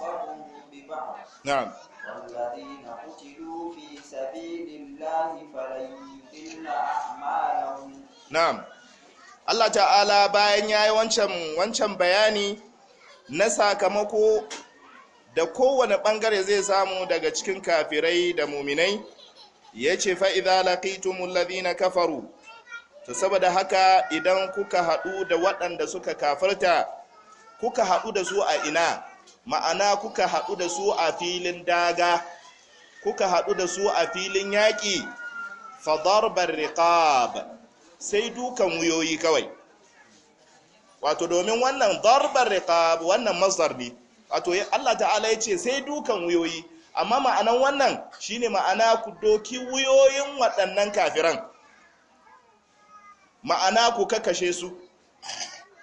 بعضهم ببعض نعم والذين قتلوا في سبيل الله فلن يضل أعمالهم نعم Allah ta'ala bayan ya yi wancan bayani na sakamako da kowane ɓangare zai samu daga cikin kafirai da muminai ya ce fa'iza laƙitumul ladina kafaru ta saboda haka idan kuka haɗu da waɗanda suka kafarta kuka haɗu da su a ina ma'ana kuka haɗu da su a filin daga kuka haɗu da su a filin yaƙi fadarbar riqab sai dukan wuyoyi kawai wato domin wannan darbar riqab wannan mazar ne wato Allah ta'ala ya ce sai dukan wuyoyi amma ma'anan wannan shine ma'ana ku doki wuyoyin waɗannan kafiran ma'ana ku kakashe su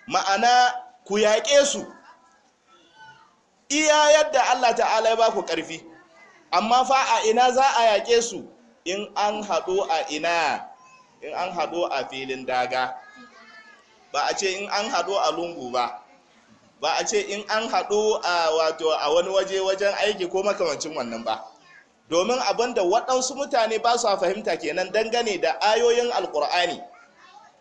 ma'ana ku yaƙe su iya yadda Allah ta'ala ya baku ƙarfi amma fa a ina za a yaƙe su in an haɗo a ina in an haɗo a filin daga ba a ce in an haɗo a lungu ba ba a ce in an haɗo a wato a wani waje wajen aiki ko makamancin wannan ba domin abin da waɗansu mutane ba su fahimta kenan dangane da ayoyin alƙur'ani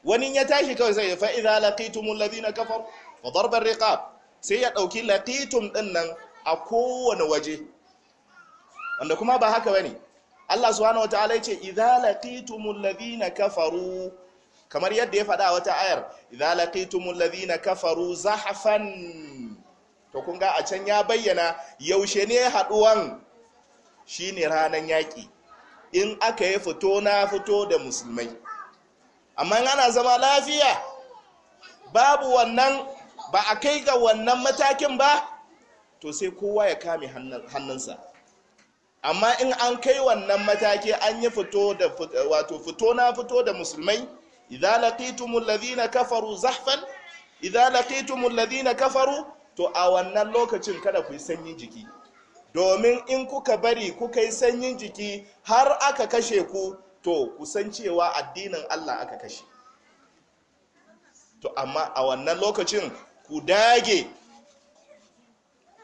wani ya tashi kawai sai fa idza laqitumul ladina kafar fa darbar riqab sai ya ɗauki latitum ɗin nan a kowane waje wanda kuma ba haka bane Allah subhanahu wataala yace idza laqitumul ladina kafaru kamar yadda ya faɗa wata ayar idza laqitumul ladina kafaru zahfan to kun ga a can ya bayyana yaushe ne haduwan shine ranan yaki in aka yi fito na fito da musulmai amma ana zama lafiya babu wannan ba a kai ga wannan matakin ba to sai kowa ya kame hannunsa amma in an kai wannan mataki an yi fito da wato fito na fito da musulmai idza laqitumul ladina kafaru zahfan idza laqitumul ladina kafaru to a wannan lokacin kada ku yi jiki domin in kuka bari kuka yi sanyin jiki har aka kashe ku to kusan cewa addinin Allah aka kashe to amma a wannan lokacin ku dage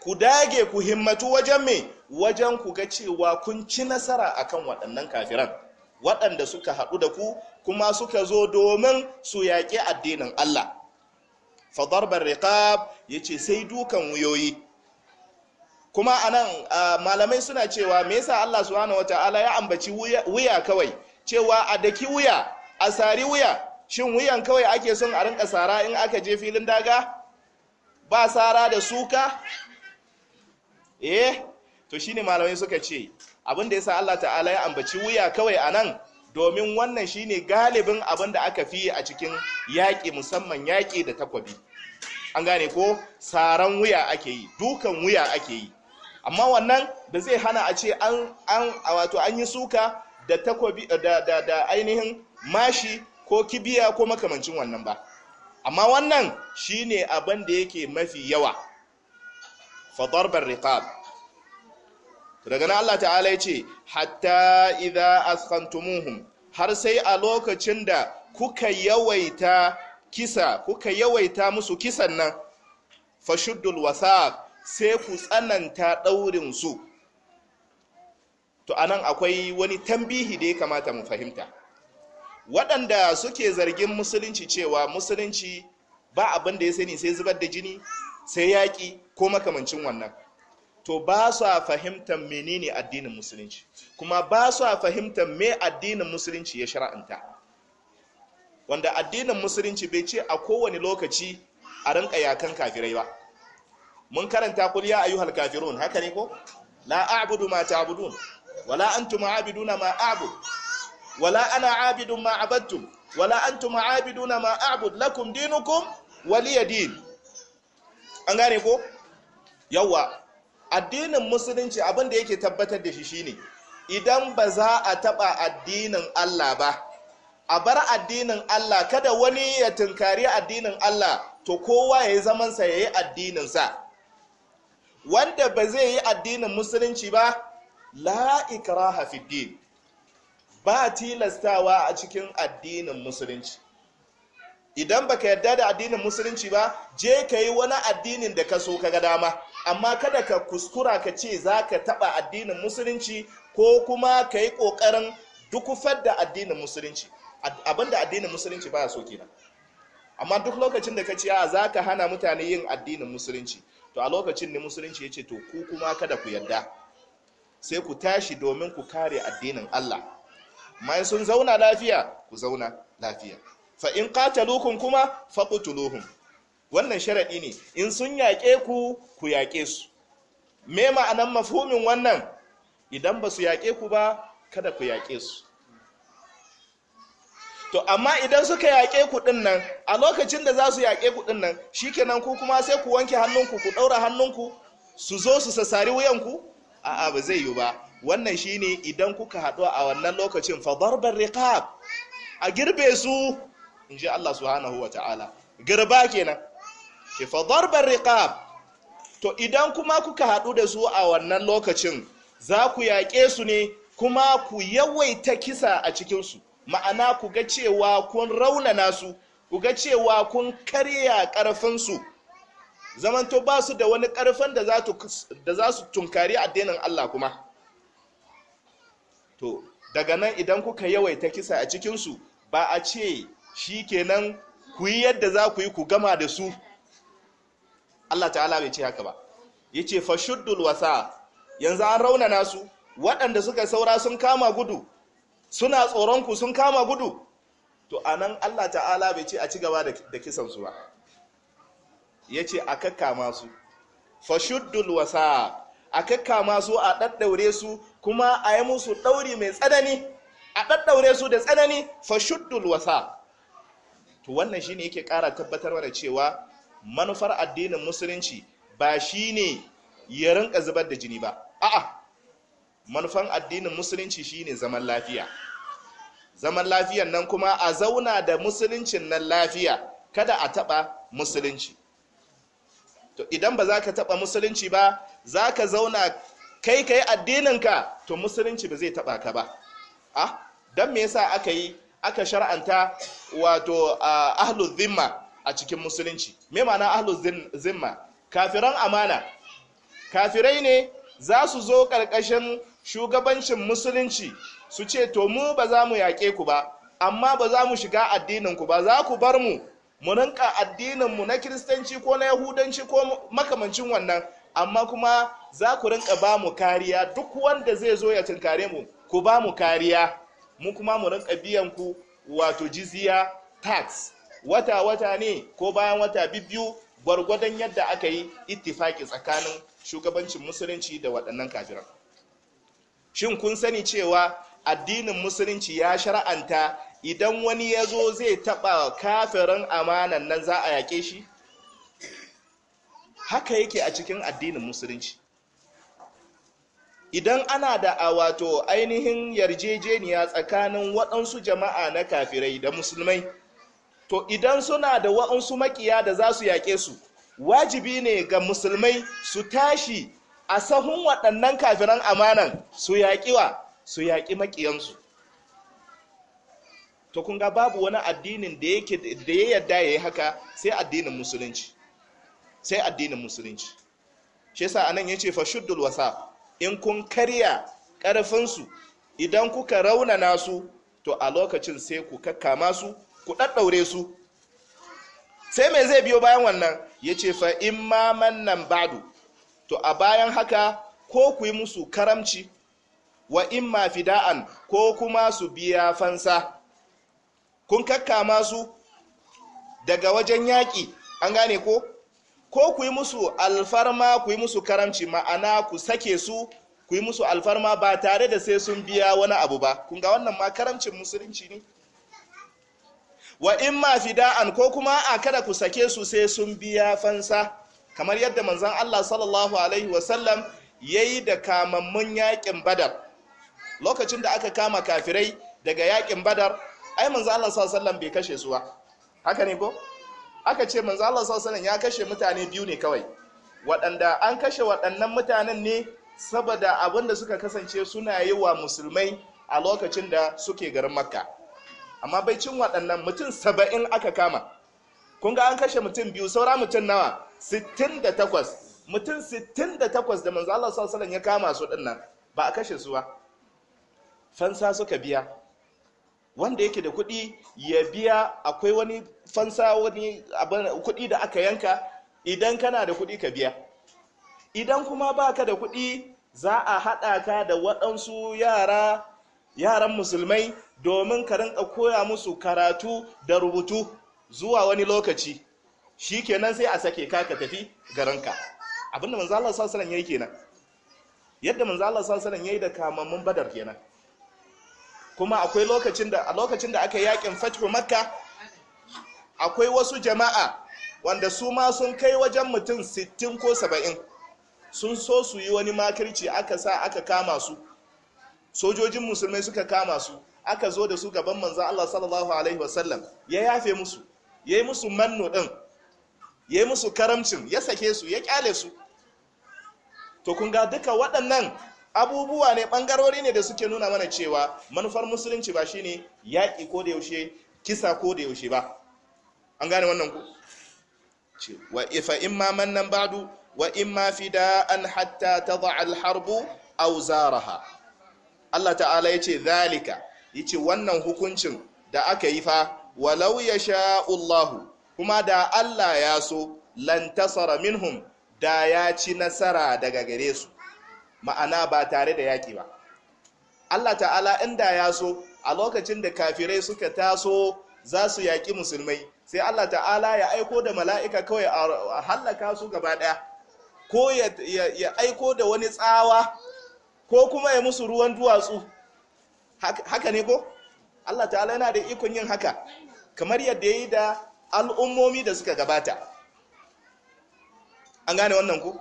ku dage ku himmatu wajen me wajen ku ga cewa kun ci nasara akan waɗannan kafiran waɗanda suka haɗu da ku kuma suka zo domin su yaƙi addinin Allah fadarbar riqab yace sai dukan wuyoyi kuma anan malamai suna cewa me yasa Allah subhanahu wataala ya ambaci wuya kawai cewa a daki wuya a sari wuya shin wuyan kawai ake son a rinka sara in aka je filin daga ba sara da suka eh to shine malamai suka ce abin da yasa Allah ta'ala ya ambaci wuya kawai anan domin wannan shine galibin abin da aka fi a cikin yaƙi musamman yaƙi da takwabi an gane ko saran wuya ake yi dukan wuya ake yi amma wannan da zai hana a ce an an wato an yi suka da takwabi da da, da ainihin mashi ko kibiya ko makamancin wannan ba amma wannan shine abin da yake mafi yawa fa barriqab daga nan Allah ta'ala ya ce hatta idza askantumuhum har sai a lokacin da kuka yawaita kisa kuka yawaita musu kisan nan fashuddul wasaq sai ku tsananta daurin su to anan akwai wani tambihi da ya kamata mu fahimta waɗanda suke zargin musulunci cewa musulunci ba abin da ya sani sai zubar da jini sai yaƙi ko makamancin wannan to ba su fahimtar menene addinin musulunci kuma ba su fahimtar me addinin musulunci ya shara'anta wanda addinin musulunci bai ce a kowane lokaci a rinka yakan kafirai ba mun karanta kuliya a yuhal kafirun haka ne ko la a'budu ma ta'budun wala antum a'biduna ma a'budu wala ana abidun ma abattum wala antum abiduna ma a'bud lakum dinukum waliya din an gane ko yawa addinin musulunci abin da yake tabbatar da shi shine idan ba za a taba addinin Allah ba a bar addinin Allah kada wani ya tunkari addinin Allah to kowa ya yi zamansa ya yi addinin sa, wanda ba zai yi addinin musulunci ba la ikraha fi din ba a tilastawa a cikin addinin musulunci idan baka yarda da addinin musulunci ba je ka yi wani addinin da ka so ka ga dama amma kada ka kuskura ka ce za ka taɓa addinin musulunci ko kuma ka yi ƙoƙarin dukufar da addinin musulunci abinda addinin musulunci ba so kenan amma duk lokacin da ka ce za ka hana mutane yin addinin musulunci to a lokacin ne musulunci ya ce to ku kuma kada ku yarda sai ku tashi domin ku kare addinin allah mai sun zauna lafiya ku zauna lafiya fa in qataluhum kuma faqtuluhum wannan sharadi ne in sun yaƙe ku ku yaƙe su me ma'anan mafhumin wannan idan ba su yaƙe ku ba kada ku yaƙe su to amma idan suka yaƙe ku din nan a lokacin da za su yaƙe ku din nan shikenan ku kuma sai ku wanke hannunku ku ɗaura hannunku su zo su sassari wuyanku a'a ba zai yi ba wannan shine idan kuka haɗu a wannan lokacin fa riqab a girbe su inji Allah subhanahu ta'ala. girba kenan shi fa riqab to idan kuma kuka haɗu da su a wannan lokacin za ku yaƙe su ne kuma ku yawaita kisa a cikin su ma'ana ku ga cewa kun raunana su ku ga cewa kun karya ƙarfin su zamanto ba su da wani ƙarfin da za su tunkari addinin Allah kuma to daga nan idan kuka yawaita kisa a cikinsu ba a ce shi kenan ku yi yadda za ku yi ku gama da su Allah ta'ala bai ce haka ba ya ce fashuddul wasa yanzu an raunana su waɗanda suka saura sun kama gudu suna tsoronku sun kama gudu to a nan Allah ta'ala bai ce a ci gaba da kisansu ba ya ce a kakkama su fashuddul wasa a kakkama su a ɗaɗɗaure su kuma a yi musu ɗauri mai tsanani a ɗaɗɗaure su da tsanani fashuddul wasa to wannan shine yake ƙara tabbatar da cewa manufar addinin musulunci ba shine ya rinka zubar da jini ba a'a manufan addinin musulunci shine zaman lafiya zaman lafiyan nan kuma a zauna da musuluncin nan lafiya kada a taɓa musulunci to idan ba za ka taɓa musulunci ba za ka zauna kai ka yi addininka to musulunci ba zai taɓa ka ba ah don me yasa aka yi aka shar'anta wato ahlul zimma a cikin musulunci me ma'ana ahlul zimma kafiran amana kafirai ne za su zo ƙarƙashin shugabancin musulunci su ce to mu ba za mu yaƙe ku ba amma ba za mu shiga addininku ba za ku bar mu mu rinka addinin mu na kiristanci ko na yahudanci ko makamancin wannan amma kuma za ku rinka ba mu kariya duk wanda zai zo ya tunkare mu ku ba mu kariya mu kuma mu rinka biyan ku wato jiziya, tax wata wata ne ko bayan wata biyu gwargwadon yadda aka yi ittifaki tsakanin shugabancin musulunci da waɗannan kafiran shin kun sani cewa addinin musulunci ya shara'anta idan wani ya zo zai taɓa kafirin amanan nan za a yaƙe shi haka yake a cikin addinin musulunci idan ana da a wato ainihin yarjejeniya tsakanin waɗansu jama'a na kafirai da musulmai to idan suna da waɗansu makiya da za su yaƙe su wajibi ne ga musulmai su tashi a sahun waɗannan kafiran amanan su yaƙiwa su yaƙi makiyansu to kun ga babu wani addinin da yake da ya yarda yayi haka sai addinin musulunci sai addinin musulunci shi yasa anan yace fa shuddul wasa in kun karya karfin su idan kuka rauna nasu to a lokacin sai ku kakkama su ku daddaure su sai me zai biyo bayan wannan Ya ce fa in ma man nan badu to a bayan haka ko ku yi musu karamci wa in ma fida'an ko kuma su biya fansa kun kakkama su daga wajen yaƙi an gane ko ko ku yi musu alfarma ku yi musu karamci ma'ana ku sake su ku yi musu alfarma ba tare da sai sun biya wani abu ba kun ga wannan ma karamcin musulunci ne wa in ma fida'an ko kuma a kada ku sake su sai sun biya fansa kamar yadda manzon Allah sallallahu alaihi wasallam yayi da kamammun yaƙin badar lokacin da aka kama kafirai daga yaƙin badar ai manzo Allah sallallahu alaihi wasallam bai kashe su ba haka ne ko aka ce manzo Allah sallallahu alaihi wasallam ya kashe mutane biyu ne kawai waɗanda an kashe waɗannan mutanen ne saboda abin da suka kasance suna yi wa musulmai a lokacin da suke garin makka amma bai cin waɗannan mutum saba'in aka kama kun ga an kashe mutum biyu saura mutum nawa 68 mutum 68 da manzo Allah sallallahu alaihi wasallam ya kama su dinnan ba a kashe su ba fansa suka biya wanda yake da kuɗi ya biya akwai wani fansa wani kuɗi da aka yanka idan kana da kuɗi ka biya idan kuma baka da kuɗi za a haɗa ka da waɗansu yara yaran musulmai domin ka rinka koya musu karatu da rubutu zuwa wani lokaci shi kenan sai a sake ka ka tafi garinka abinda manzo Allah sallallahu alaihi wasallam yayi kenan yadda manzo Allah sallallahu alaihi wasallam yayi da kamammun badar kenan kuma akwai lokacin da a lokacin da aka yakin fathu makka akwai wasu jama'a wanda su ma sun kai wajen mutum 60 ko 70 sun so su yi wani makirci aka sa aka kama su sojojin musulmai suka kama su aka zo da su gaban manzan Allah sallallahu alaihi wasallam ya yafe musu ya yi musu manno din ya yi musu karamcin ya sake su ya kyale su to kun duka waɗannan abubuwa ne bangarori ne da suke nuna mana cewa manufar musulunci ba shine yaƙi ko da yaushe kisa ko da yaushe ba an gane wannan ku wa ifa imma mannan ba'du wa imma an hatta tada al-harbu zaraha Allah ta'ala yace zalika yace wannan hukuncin da aka yi fa walau yasha Allah kuma da Allah ya so lantasara minhum da ya ci nasara daga gare su ma'ana ba tare da yaƙi ba Allah ta'ala inda ya so a lokacin da kafirai suka taso za su yaƙi musulmai sai Allah ta'ala ya aiko da mala'ika kawai a hallaka su gaba ɗaya ko ya aiko da wani tsawa ko kuma ya musu ruwan duwatsu haka ne ko Allah ta'ala yana da ikon yin haka kamar yadda ya yi da al'ummomi da suka gabata an gane wannan ku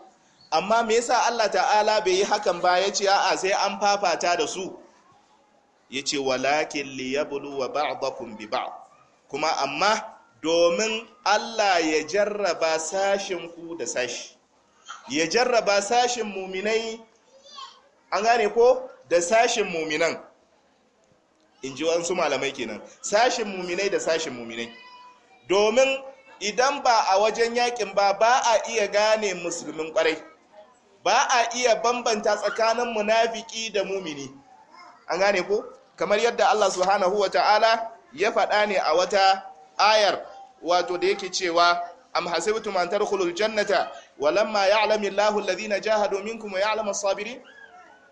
amma me yasa Allah ta'ala bai yi hakan ba ya ce a'a sai an fafata da su ya ce walakin liyablu wa ba'dakum bi ba'd kuma amma domin Allah ya jarraba sashin ku da sashi ya jarraba sashin muminai an gane ko da sashin muminan in ji wasu malamai kenan sashin muminai da sashin muminai domin idan ba a wajen yakin ba ba a iya gane musulmin kwarai ba a iya bambanta tsakanin munafiki da mumini an gane ko kamar yadda Allah subhanahu Ta'ala ya faɗa ne a wata ayar wato da yake cewa am hasibtum an tadkhulul jannata walamma ya'lamu Allahu alladhina jahadu minkum wa ya'lamu as-sabirin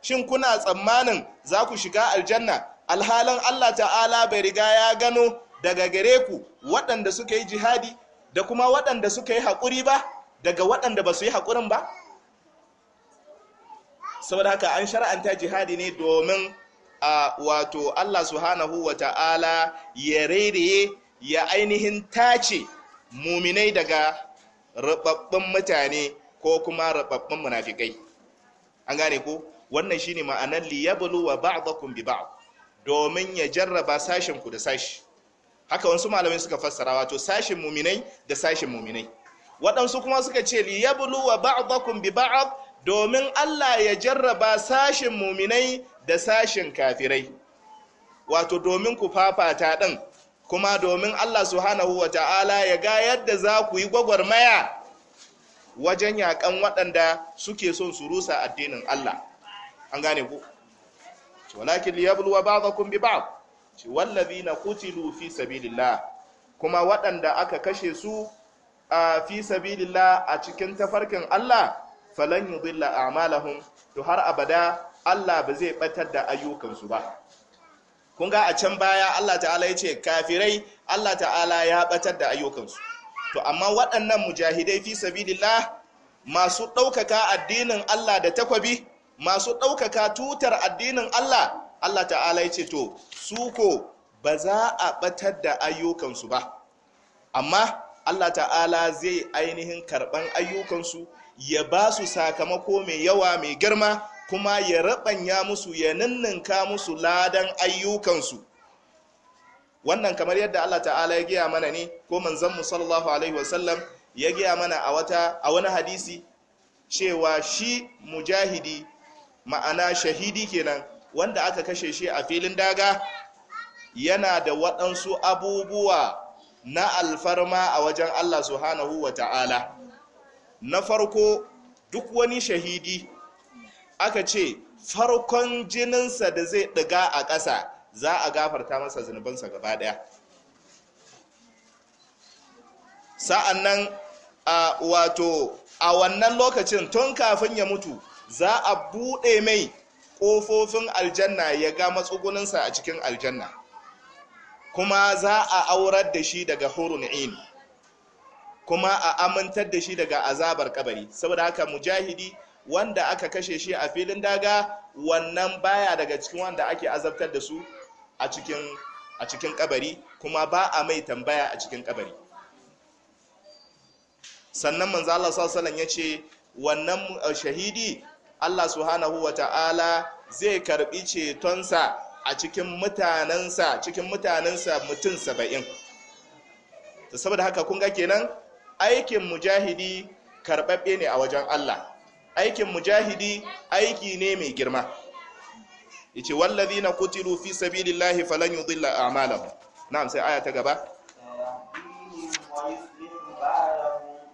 shin kuna tsammanin za ku shiga aljanna alhalan Allah ta'ala bai riga ya gano daga gare ku waɗanda suka yi jihadi da kuma waɗanda suka yi haƙuri ba daga waɗanda ba su yi haƙurin ba saboda haka an shar'anta jihadi ne domin a wato Allah subhanahu wa ta'ala ya rairaye ya ainihin tace muminai daga rababbin mutane ko kuma rababbin munafikai an gane ko wannan shine ma'anar liyablu wa ba'dakum bi ba'd domin ya jarraba sashen ku da sashi haka wasu malamai suka fassara wato sashin muminai da sashin muminai waɗansu kuma suka ce liyablu wa ba'dakum bi ba'd domin Allah ya jarraba sashin muminai da sashin kafirai wato domin ku fafata ɗin kuma domin Allah subhanahu wa ta'ala ya ga yadda za ku yi gwagwarmaya wajen yakan waɗanda suke son su rusa addinin Allah an gane ku walakin liyabluwa ba'dakum bi ba'd ci kuti lufi, fi sabilillah kuma waɗanda aka kashe su a fi sabilillah a cikin tafarkin Allah falan a malahun to har abada Allah ba zai batar da ayyukansu ba kun ga a can baya Allah ta'ala ya ce kafirai Allah ta'ala ya batar da ayyukansu to amma waɗannan mujahidai fi sabilillah masu ɗaukaka addinin Allah da takwabi masu ɗaukaka tutar addinin Allah Allah ta'ala ya ce to su ko ba za a batar da ayyukansu ba amma Allah ta'ala zai ainihin karɓan ayyukansu ya ba su sakamako mai yawa mai girma kuma ya rabanya musu ya ninninka musu ladan ayyukansu wannan kamar yadda Allah ta'ala ya giya mana ne ko manzanmu mu sallallahu alaihi wasallam ya giya mana a wata a wani hadisi cewa shi mujahidi ma'ana shahidi kenan wanda aka kashe shi a filin daga yana da waɗansu abubuwa na alfarma a wajen Allah subhanahu wa ta'ala na farko duk wani shahidi aka ce farkon jininsa da zai ɗiga a ƙasa za a gafarta masa zunubansa gaba ɗaya sa'an nan a wato a wannan lokacin tun kafin ya mutu za a buɗe mai ƙofofin aljanna ya ga matsugunansa a cikin aljanna kuma za a aurar da shi daga hurun ini kuma a amintar da shi daga azabar kabari saboda haka mujahidi wanda aka kashe shi a filin daga wannan baya daga cikin wanda ake azabtar da su a cikin a cikin kabari kuma ba a mai tambaya a cikin kabari sannan manzo Allah sallallahu alaihi yace wannan eh, shahidi Allah subhanahu wata'ala zai karbi cetonsa a cikin mutanensa cikin mutanensa mutum saba'in saboda haka kun ga kenan aikin mujahidi karɓaɓɓe ne a wajen Allah aikin mujahidi aiki ne mai girma yace wallazina kutilu fi sabilillahi falan yudilla a'malahum na'am sai aya ta gaba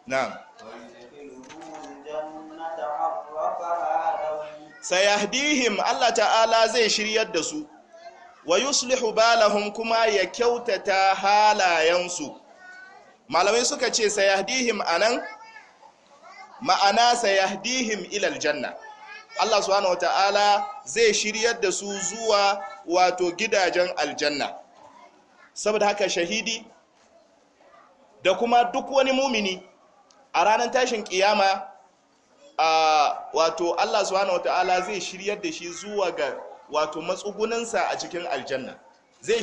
na'am sayahdihim Allah ta'ala zai shiryar da su wa yuslihu balahum kuma ya kyautata halayensu malamai suka ce sayahdihim anan ma'ana sayahdihim ilal janna Allah subhanahu wata'ala zai shiryar da su zuwa wato gidajen aljanna saboda haka shahidi da kuma duk wani mumini a ranar tashin kiyama a wato Allah subhanahu wata'ala zai shiryar da shi zuwa ga wato matsuguninsa a cikin aljanna zai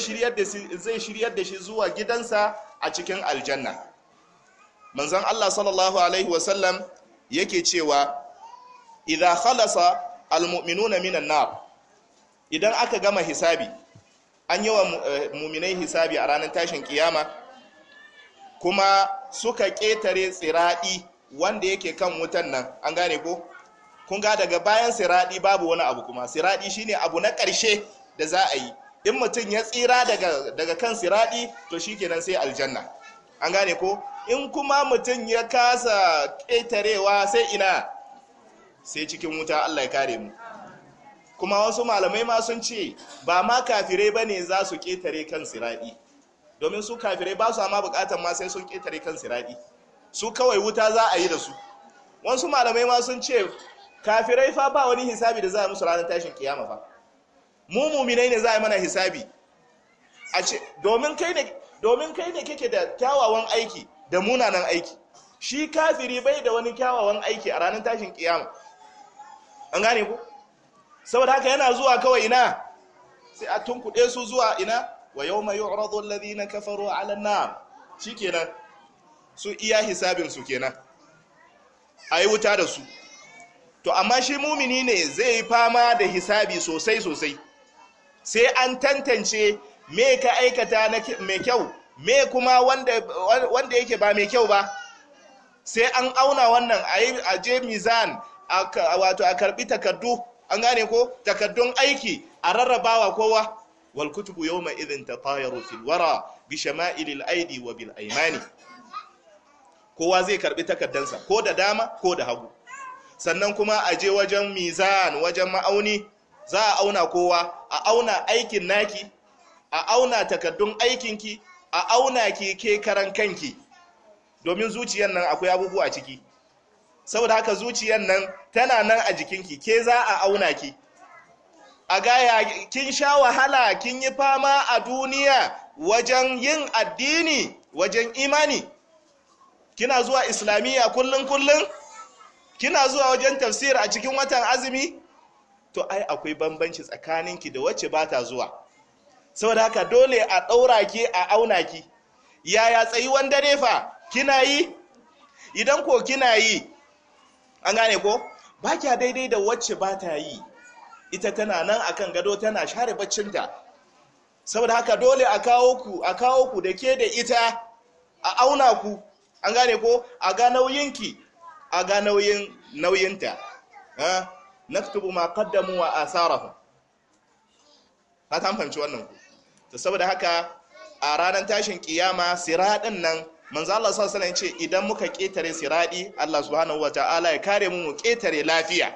shiryar da shi zuwa gidansa a cikin aljanna manzon Allah sallallahu alaihi wasallam yake cewa idha khalasa almu'minuna minan nar idan aka gama hisabi an yi wa eh, muminai hisabi a ranar tashin kiyama kuma suka ƙetare tsiraɗi wanda yake kan wutan nan an gane ko kun ga daga bayan siraɗi babu wani abu kuma siraɗi shine abu na ƙarshe da za a yi in mutum ya tsira daga kan siradi to shi shikenan sai aljanna an gane ko in kuma mutum ya kasa ƙetarewa sai ina sai cikin wuta Allah ya kare mu kuma wasu malamai ma sun ce ba ma kafirai ba ne za su ƙetare kan siraɗi domin su kafirai ba su ma buƙatar ma sai sun ƙetare kan siraɗi su kawai wuta za a yi da su wasu malamai ma sun ce kafirai fa ba wani hisabi da za a musu ranar tashin kiyama fa mu muminai ne za a mana hisabi domin kai ne kake da kyawawan aiki da munanan aiki shi kafiri bai da wani kyawawan aiki a ranar tashin kiyama an gane ku saboda haka yana zuwa kawai ina sai a tunkuɗe su zuwa ina wa yau mai yu'radu alladhina a ala an shi kenan su iya hisabin su kenan yi wuta da su to amma shi mumini ne zai fama da hisabi sosai sosai sai an tantance me ka aikata na mai kyau me kuma wanda yake ba mai kyau ba sai an auna wannan a je mizan wato a karbi takardu an gane ko takardun aiki a rarrabawa kowa wal yau mai izin ta fayar wara bi shama'ilil aidi wa bil aimani kowa zai karbi takardansa ko da dama ko da hagu sannan kuma a je wajen mizan wajen ma'auni za a auna kowa a auna aikin naki a auna takaddun aikinki a auna ki ke karan kanki domin zuciyar nan akwai abubuwa ciki saboda haka zuciyar nan tana nan a jikinki ke za a auna ki a gaya kin sha wahala kin yi fama a duniya wajen yin addini wajen imani kina zuwa islamiyya kullum kullum? kina zuwa wajen tafsir a cikin watan azumi to ai akwai bambanci tsakaninki da wacce ba ta zuwa saboda haka dole a ɗaura ki a auna ki yaya tsayi wanda ne fa kina yi idan ko kina yi an gane ko ba kya daidai da wacce ba ta yi ita tana nan akan gado tana share baccinta saboda haka dole a kawo ku a kawo ku da ke da ita a auna ku an gane ko a ga nauyinki a ga nauyin nauyinta ah. naktubu ma qaddamu wa asarahum ka ta fahimci wannan ku to saboda haka a ranar tashin kiyama siradin nan manzo Allah sallallahu alaihi wasallam ce idan muka ketare siradi Allah subhanahu wataala ya kare mu mu ketare lafiya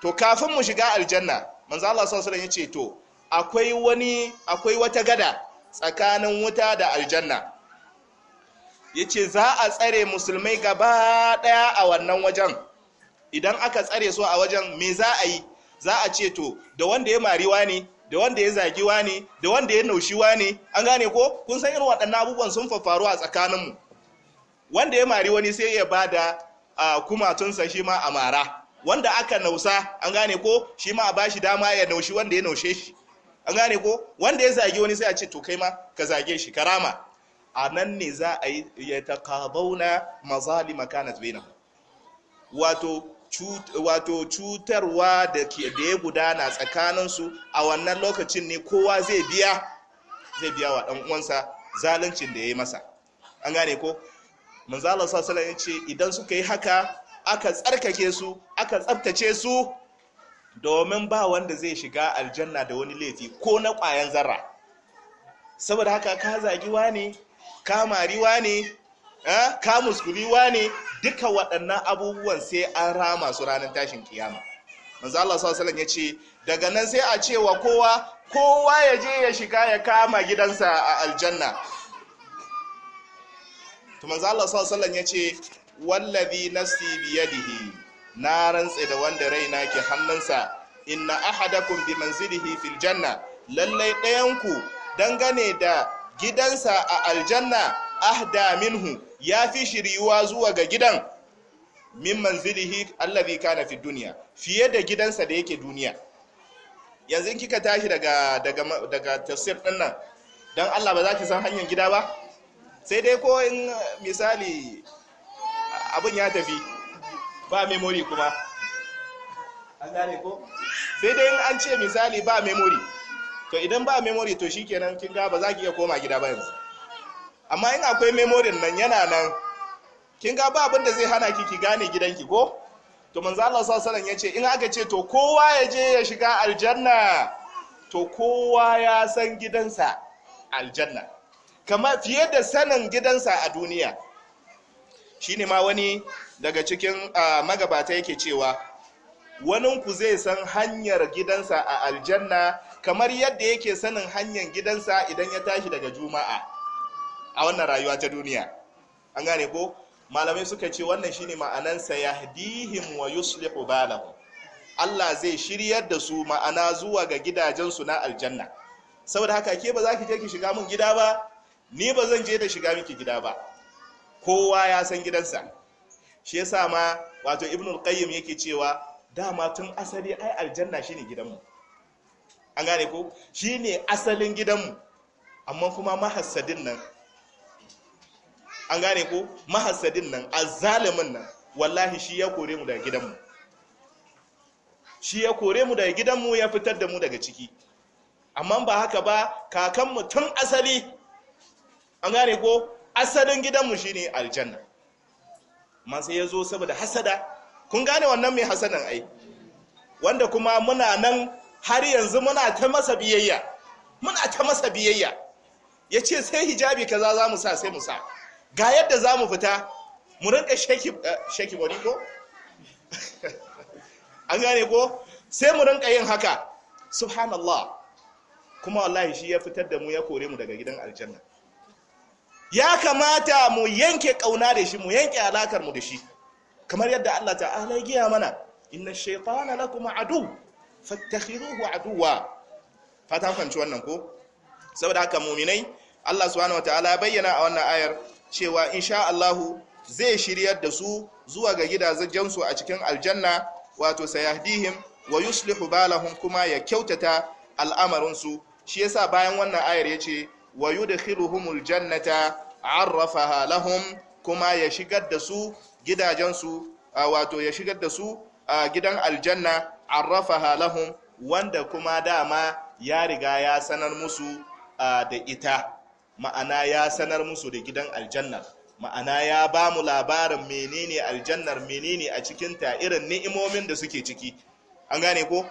to kafin mu shiga aljanna manzo Allah sallallahu alaihi wasallam ce to akwai wani akwai wata gada tsakanin wuta da aljanna yace za a tsare musulmai gaba daya a wannan wajen idan aka tsare su a wajen me za a yi za a ce to da wanda ya mariwa ne da wanda ya zagi wani da wanda ya naushi wani an gane ko kun san irin waɗannan abubuwan sun faru a tsakaninmu wanda ya mari wani sai ya bada kumatunsa shi ma a mara wanda aka nausa an gane ko shi ma a bashi dama ya naushi wanda ya naushe shi an gane ko wanda ya zagi wani sai a ce to kai ma ka zage shi karama a nan ne za a yi ya ta kabauna mazalima kanat bainahum wato wato cutarwa da ya gudana tsakaninsu a wannan lokacin ne kowa zai biya zai biya wa ɗan uwansa zaluncin da ya yi masa an gane ko manzala sassana ya ce idan suka yi haka aka tsarkake su aka tsabtace su domin ba wanda zai shiga aljanna da wani laifi ko na ƙwayan zarra saboda haka ka zagiwa ne ka mariwa ne eh, ka muskuliwa ne duka waɗannan abubuwan sai an rama su ranar tashin kiyama manzo Allah sallallahu ya ce daga nan sai a cewa kowa kowa ya je ya shiga ya kama gidansa a aljanna to manzo Allah sallallahu ya ce wallazi nafsi yadihi na rantse da wanda raina ke hannunsa inna ahadakum bi manzilihi fil janna lallai ɗayanku dangane da gidansa a aljanna ahda minhu ya fi shiriwa zuwa ga gidan min manzilihi allazi kana fi duniya fiye da gidansa da yake duniya yanzu in kika tashi daga daga daga tafsir din nan dan Allah ba za ki san hanyar gida ba sai dai ko in misali abin ya tafi ba memory kuma an gane ko sai dai in an ce misali ba memory to idan ba memory to shikenan kin ga ba za ki iya koma gida ba yanzu amma in akwai memorin nan yana nan kin ga ba abin da zai hana ki ki gane gidanki ko to manzo Allah sallallahu ya yace in aka ce to kowa ya je ya shiga aljanna to kowa ya san gidansa aljanna kama fiye da sanin gidansa a duniya shine ma wani daga cikin magabata yake cewa ku zai san hanyar gidansa a aljanna kamar yadda yake sanin hanyar gidansa idan ya tashi daga juma'a a wannan rayuwa ta duniya an gane ko malamai suka ce wannan shine ma'anansa ya yahdihim wa yuslihu balahu Allah zai shiryar da su ma'ana zuwa ga gidajensu na aljanna saboda haka ke ba za ki je ki shiga min gida ba ni ba zan je da shiga miki gida ba kowa ya san gidansa shi yasa ma wato ibnul qayyim yake cewa dama tun asali ai aljanna shine gidanmu an gane ko shine asalin gidanmu amma kuma mahassadin nan an gane ko mahasadin nan azalimin nan wallahi shi ya kore mu daga gidanmu shi ya kore mu daga gidanmu ya fitar da mu daga ciki amma ba haka ba kakanmu tun asali an gane ko asalin gidanmu shine aljanna masu ya zo saboda hasada kun gane wannan mai hasadan ai wanda kuma muna nan har yanzu muna ta masa biyayya muna ta masa biyayya ya ce sai hijabi kaza za mu sa sai mu sa ga yadda za mu fita mu rinka shaki eh, boni ko an gane ko sai mu rinka yin haka subhanallah kuma wallahi shi ya fitar da mu ya kore mu daga gidan aljanna ya kamata mu yanke kauna da shi mu yanke alakar mu da shi kamar yadda Allah ta ya giya mana inna shaytana kuma adu fattakhiruhu aduwa fata fanci wannan ko saboda haka muminai Allah subhanahu wataala ya bayyana a wannan ayar cewa insha Allahu zai shiryar da su zuwa ga gidajensu a cikin aljanna wato sayahdihim wa yuslihu balahum kuma ya kyautata al'amarinsu shi yasa bayan wannan ayar yace wa yudkhiluhumul jannata arrafaha lahum kuma ya shigar da su gidajensu wato ya shigar da su gidan aljanna arrafaha lahum wanda kuma dama ya riga ya sanar musu da ita ma'ana ya sanar musu da gidan aljannar ma'ana ya ba mu labarin menene aljannar menene a cikin ta irin ni'imomin da suke ciki an gane ko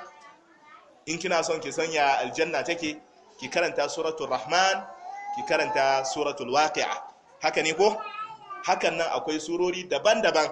in kina son ki sanya aljanna take ki karanta suratul rahman ki karanta suratul waqi'a haka ne ko hakan nan akwai surori daban-daban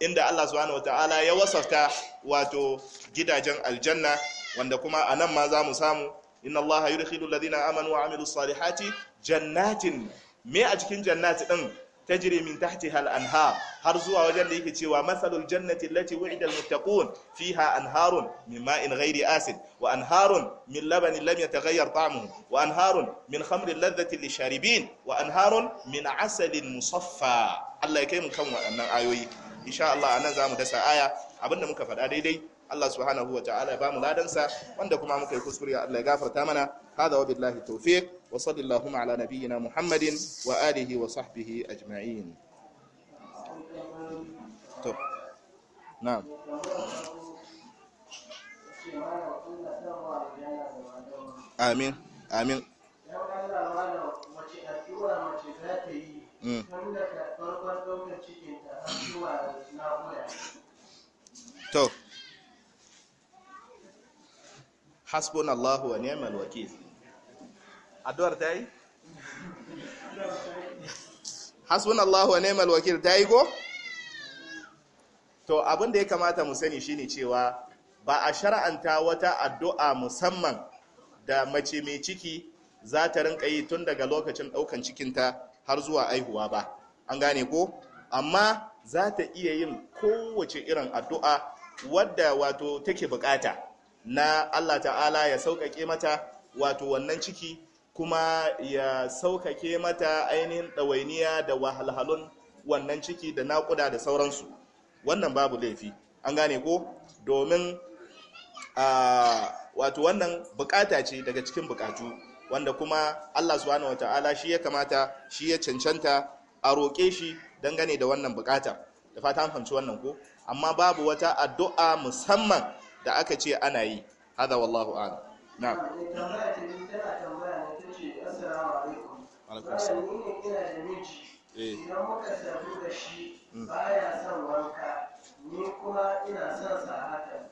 inda Allah subhanahu wata'ala ya wasafta wato gidajen aljanna wanda kuma anan ma za mu samu inna allaha yudkhilu alladhina amanu wa amilu salihati jannatin me a cikin jannati din tajri min tahtiha al anha har zuwa wajen da yake cewa masalul jannati allati wu'ida al-muttaqun fiha anharun min ma'in ghairi asid wa anharun min labanin lam yataghayyar ta'muhu wa anharun min khamrin ladhatin lisharibin wa anharun min asalin musaffa Allah ya kai mu kan waɗannan ayoyi insha Allah anan zamu dasa aya abinda muka faɗa daidai Allah subhanahu wa ta'ala ya bamu ladansa wanda kuma muka yi kuskure Allah ya gafarta mana hada wa billahi tawfiq wa sallallahu ala nabiyyina Muhammadin wa alihi wa sahbihi ajma'in to na'am amin amin to allahu wa neman wakil addu'ar ta yi allahu wa neman wakil ta yi go to abinda ya kamata mu sani shine cewa ba a shara'anta wata addu'a musamman da mace mai ciki za ta rinka yi tun daga lokacin daukan cikinta har zuwa aihuwa ba an gane ko amma za ta iya yin kowace irin addu'a wadda wato take bukata na Allah ta'ala ya sauƙaƙe mata wato wannan ciki kuma ya sauƙaƙe mata ainihin ɗawainiya da wahalhalun wannan ciki da naƙuda da sauransu wannan babu laifi an gane ko domin a wato wannan bukata ce daga cikin bukatu wanda kuma Allah subhanahu wataala shi ya kamata shi ya cancanta a roƙe shi dangane da wannan bukata da fata an fahimci wannan ko amma babu wata addu'a musamman da aka ce ana yi hada wallahu a'lam na idan muka sadu da shi baya son wanka ni kuma ina son sa hakan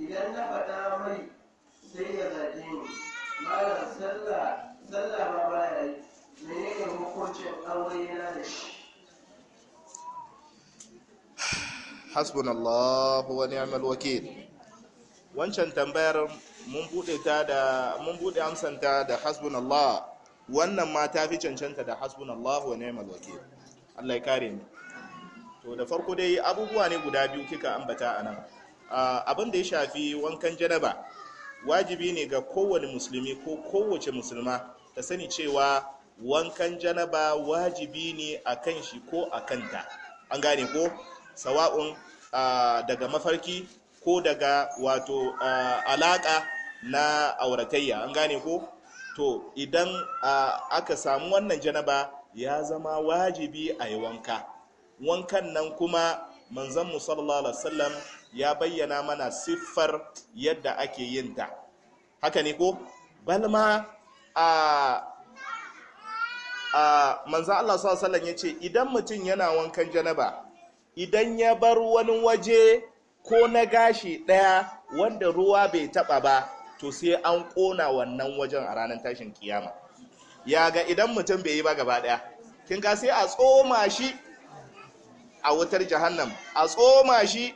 idan na faɗa mai sai ya zage ni malam sallah sallah ma baya yi mene ne hukuncin aure na da shi حسبنا الله ونعم الوكيل wancan tambayar mun bude ta da mun bude amsanta da hasbunallah wannan ma ta fi cancanta da hasbunallah wa ni'mal wakil Allah ya kare mu to da farko dai abubuwa ne guda biyu kika ambata anan abin da ya shafi wankan janaba wajibi ne ga kowane musulmi ko kowace musulma ta sani cewa wankan janaba wajibi ne a kan shi ko a kanta an gane ko sawa'un daga mafarki ko daga wato ah, alaka na auratayya an gane ko to idan ah, aka samu wannan janaba ya zama wajibi a yi wanka wankan nan kuma manzon mu sallallahu alaihi wasallam ya bayyana mana siffar yadda ake yin ta haka ne ko balma a ah, a manzon Allah sallallahu alaihi wasallam yace idan mutum yana wankan janaba idan ya bar wani waje ko na gashi ɗaya wanda ruwa bai taɓa ba to sai an ƙona wannan wajen a ranar tashin kiyama ya ga idan mutum bai yi ba gaba ɗaya kin ga sai a tsoma shi a wutar jahannam a tsoma shi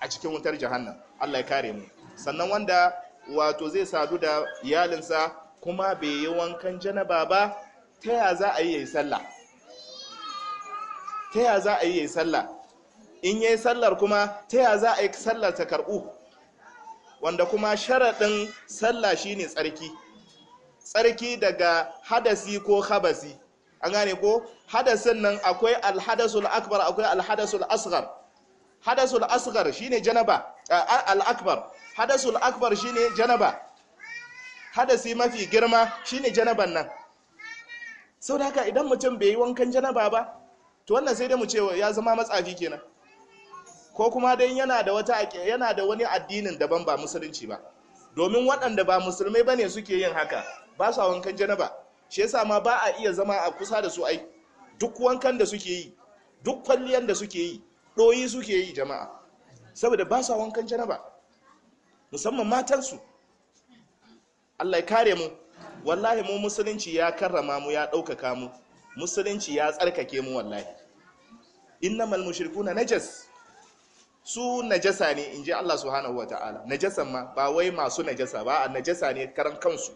a cikin wutar jahannam Allah ya kare mu sannan wanda wato zai sadu da iyalinsa kuma bai yi wankan janaba ba ta ya za a yi yi sallah ta ya za a yi yi sallah in yi sallar kuma ta ya za a yi sallar ta karɓu wanda kuma sharaɗin sallah ne tsarki tsarki daga hadasi ko habasi an gane ko hadasin nan akwai alhadasul akbar akwai alhadasul asghar hadasul asghar shine janaba al akbar hadasul akbar shine janaba hadasi mafi girma shine janaban nan sau da haka idan mutum bai yi wankan janaba ba to wannan sai dai mu ce ya zama matsafi kenan ko kuma dai yana da wata yana da wani addinin daban ba musulunci ba domin waɗanda ba musulmai ne suke yin haka ba sa wankan janaba shi yasa ma ba a iya zama a kusa da su ai duk wankan da suke yi duk kwalliyan da suke yi ɗoyi suke yi jama'a saboda ba sa wankan janaba musamman matansu Allah ya kare mu wallahi mu musulunci ya karrama mu ya ɗaukaka mu musulunci ya tsarkake mu wallahi innamal mushrikuna najas su najasa ne in ji Allah subhanahu wa ta'ala najasa ma ba wai masu najasa ba a najasa ne karan kansu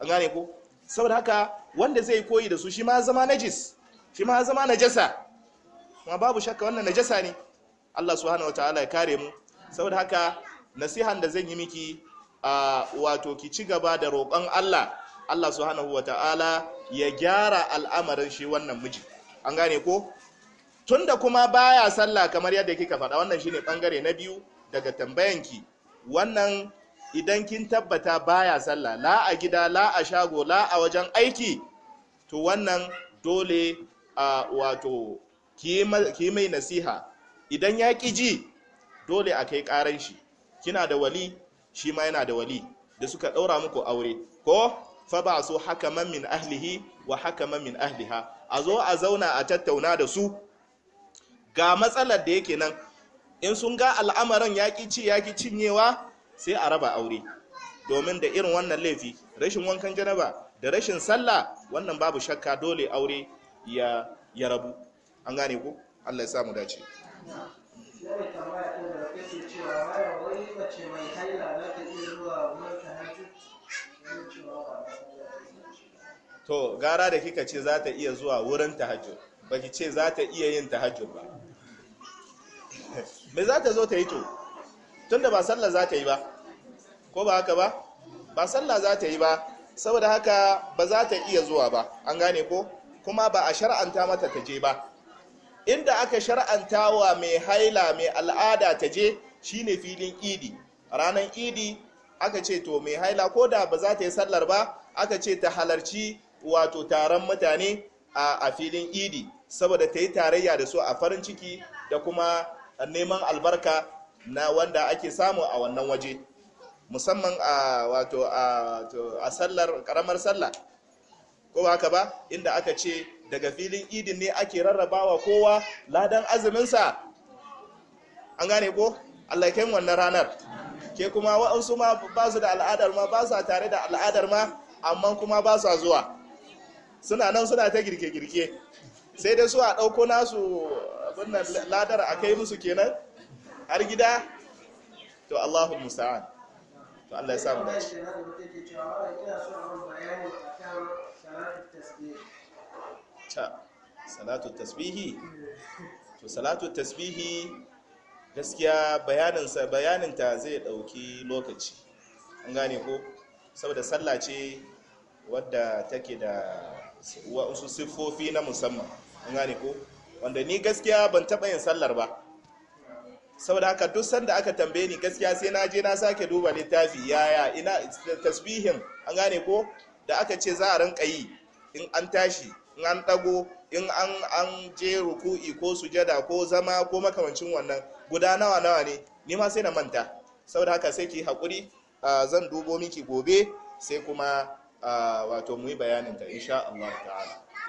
an gane ko saboda haka wanda zai koyi da su shi ma zama najis shi ma zama najasa kuma babu shakka wannan najasa ne Allah subhanahu wa ta'ala ya kare mu saboda haka nasihan da zan yi miki a wato ki ci gaba da roƙon Allah Allah subhanahu wa ta'ala ya gyara al'amarin shi wannan miji an gane ko tunda kuma baya sallah kamar yadda kika faɗa wannan shine bangare na biyu daga tambayanki wannan idan kin tabbata baya sallah la a gida la a shago la a wajen aiki to wannan dole a wato ki mai nasiha idan ya ki ji dole a kai karan shi kina da wali shi ma yana da wali da suka daura muku aure ko fa ba so hakaman min ahlihi wa haka min ahliha a zo a zauna a tattauna da su ga matsalar da yake nan in sun ga al'amarin yaƙi ci yaƙi cinyewa sai a raba aure domin da irin wannan laifi rashin wankan janaba da rashin sallah wannan babu shakka dole aure ya ya rabu an gane ku? Allah ya sa mu dace to gara da kika ce za ta iya zuwa wurin tahajjud baki ce za ta iya yin tahajjud ba me za ta zo ta yi to tunda ba sallah za ta yi ba ko ba haka ba ba sallah za ta yi ba saboda haka ba za ta iya zuwa ba an gane ko kuma ba a shar'anta mata ta je ba inda aka shar'anta wa mai haila mai al'ada ta je shine filin idi ranar idi aka ce to mai haila ko da ba za ta yi sallar ba aka ce ta halarci wato taron mutane a filin idi saboda ta yi tarayya da su a farin ciki da kuma neman albarka na wanda ake samu a wannan waje musamman a wato a sallar karamar sallah ko haka ba inda aka ce daga filin idin ne ake rarrabawa kowa ladan azuminsa an gane ko Allah kai wannan ranar ke kuma waɗansu ma ba su da al'adar ma ba sa tare da al'adar ma amma kuma ba sa zuwa suna nan suna ta girke-girke sai dai su a ɗauko nasu wannan ladar a kai musu kenan har gida to Allahu musa'an to Allah ya sa mu dace ta salatu tasbihi to salatu tasbihi gaskiya bayanin ta zai dauki lokaci an gane ko saboda sallah ce wadda take da wasu siffofi na musamman an gane ko wanda ni gaskiya ban taɓa yin sallar ba saboda haka duk sanda aka tambaye ni gaskiya sai na je na sake duba littafi yaya ina tasbihin an gane ko da aka ce za a rinka yi in an tashi in an dago in an an je ruku'i ko sujada ko zama ko makamancin wannan guda nawa nawa ne ni ma sai na manta saboda haka sai ki hakuri zan dubo miki gobe sai kuma wato muyi yi bayanin ta insha Allah ta'ala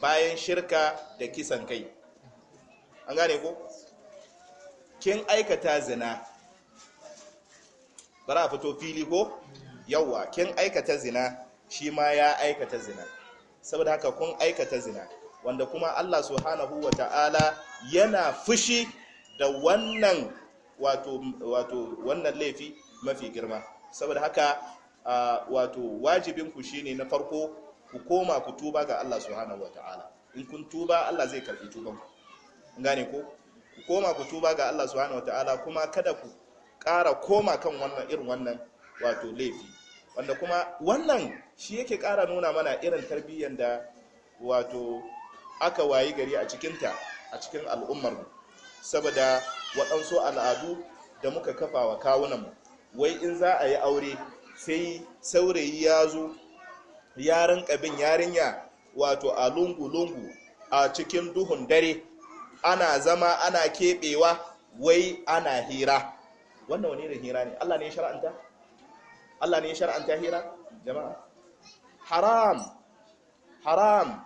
bayan shirka da kisan kai an gane ko kin aikata zina bara fito fili ko yawwa kin aikata zina shi ma ya aikata zina saboda haka kun aikata zina wanda kuma Allah subhanahu wa ta'ala yana fushi da wannan wato wato wannan laifi mafi girma saboda haka wato wajibin ku shine na farko ku koma ku tuba ga Allah subhanahu wataala in kun tuba Allah zai karbi tuban ku gane ko ku koma ku tuba ga Allah subhanahu wataala kuma kada ku ƙara koma kan wannan irin wannan wato laifi wanda kuma wannan shi yake ƙara nuna mana irin tarbiyyar da wato aka wayi gari a cikinta a cikin al'ummar mu. saboda waɗansu al'adu da muka kafa wa kawunanmu wai in za a yi aure sai saurayi ya zo yaren kabin yarinya wato a lungu-lungu a cikin duhun dare ana zama ana keɓewa wai ana hira wannan wani da hira ne allah ne ya shara'anta allah ne shara'anta hira jama'a haram haram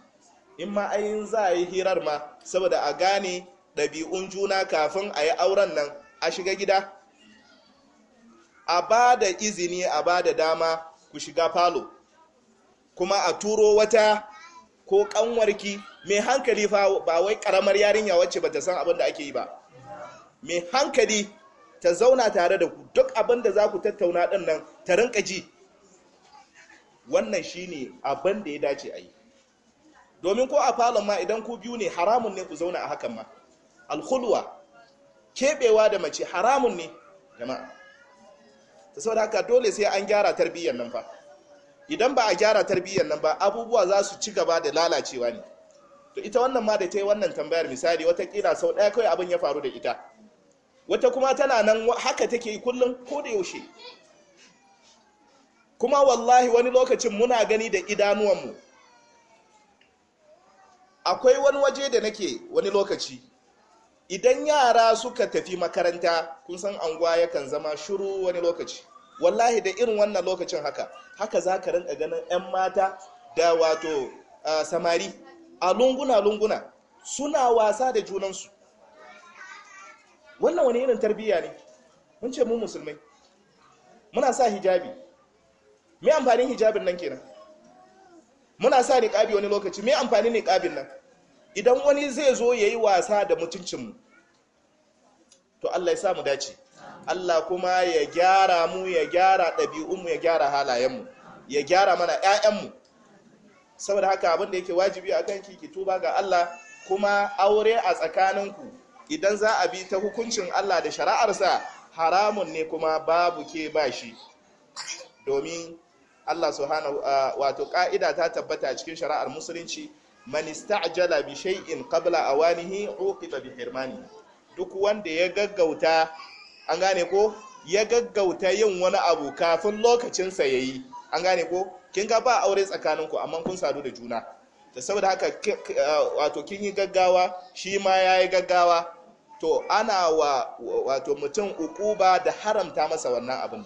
in ma ayin za a yi hirar ma saboda a gane ɗabi'un juna kafin a yi auren nan a shiga gida a ba da izini a ba da dama ku shiga falo kuma a turo wata ko kanwarki mai hankali fa ba wai karamar yarinya wacce ba ta san abin da ake yi ba mai hankali ta zauna tare da ku duk abin da za ku tattauna ɗin nan ta rinka ji wannan shi ne abin da ya dace a yi domin ko a falon ma idan ku biyu ne haramun ne ku zauna a hakan ma alkhulwa keɓewa da mace haramun ne jama'a ta saboda haka dole sai an gyara tarbiyyar nan fa idan ba a gyara tarbiyyar nan ba abubuwa za su ci gaba da lalacewa ne to ita wannan ma da ta yi wannan tambayar misali watakila sau ɗaya kawai abin ya faru da ita wata kuma tana nan haka take yi kullum ko da yaushe kuma wallahi wani lokacin muna gani da idanuwanmu akwai wani waje da nake wani lokaci idan yara suka tafi makaranta kun san anguwa yakan zama shiru wani lokaci wallahi da irin wannan lokacin haka haka za ka rinka ganin 'yan mata da wato samari a lunguna-lunguna suna wasa da junansu wannan wani irin tarbiyya ne mun ce mu musulmai muna sa hijabi me amfanin hijabin nan kenan muna sa niqabi wani lokaci me amfanin niqabin nan idan wani zai zo ya yi wasa da mutuncinmu to Allah ya sa mu dace Allah kuma ya gyara mu ya gyara ɗabi'unmu ya gyara halayen mu ya gyara mana mu saboda haka abin da yake wajibi a kanki ki tuba ga Allah kuma aure a tsakaninku idan za a bi ta hukuncin Allah da shari'arsa haramun ne kuma babu ke ba shi domin Allah hana wato ka'ida ta tabbata cikin shari'ar musulunci man ista'jala bi shay'in qabla awanihi uqiba bi hirmani duk wanda ya gaggauta an gane ko ya gaggauta yin wani abu kafin lokacinsa ya yi an gane ko kin ga ba aure tsakaninku amma kun sadu da juna da saboda haka wato kin yi gaggawa shi ma ya yi gaggawa to ana wa wato mutum ukuba da haramta masa wannan abin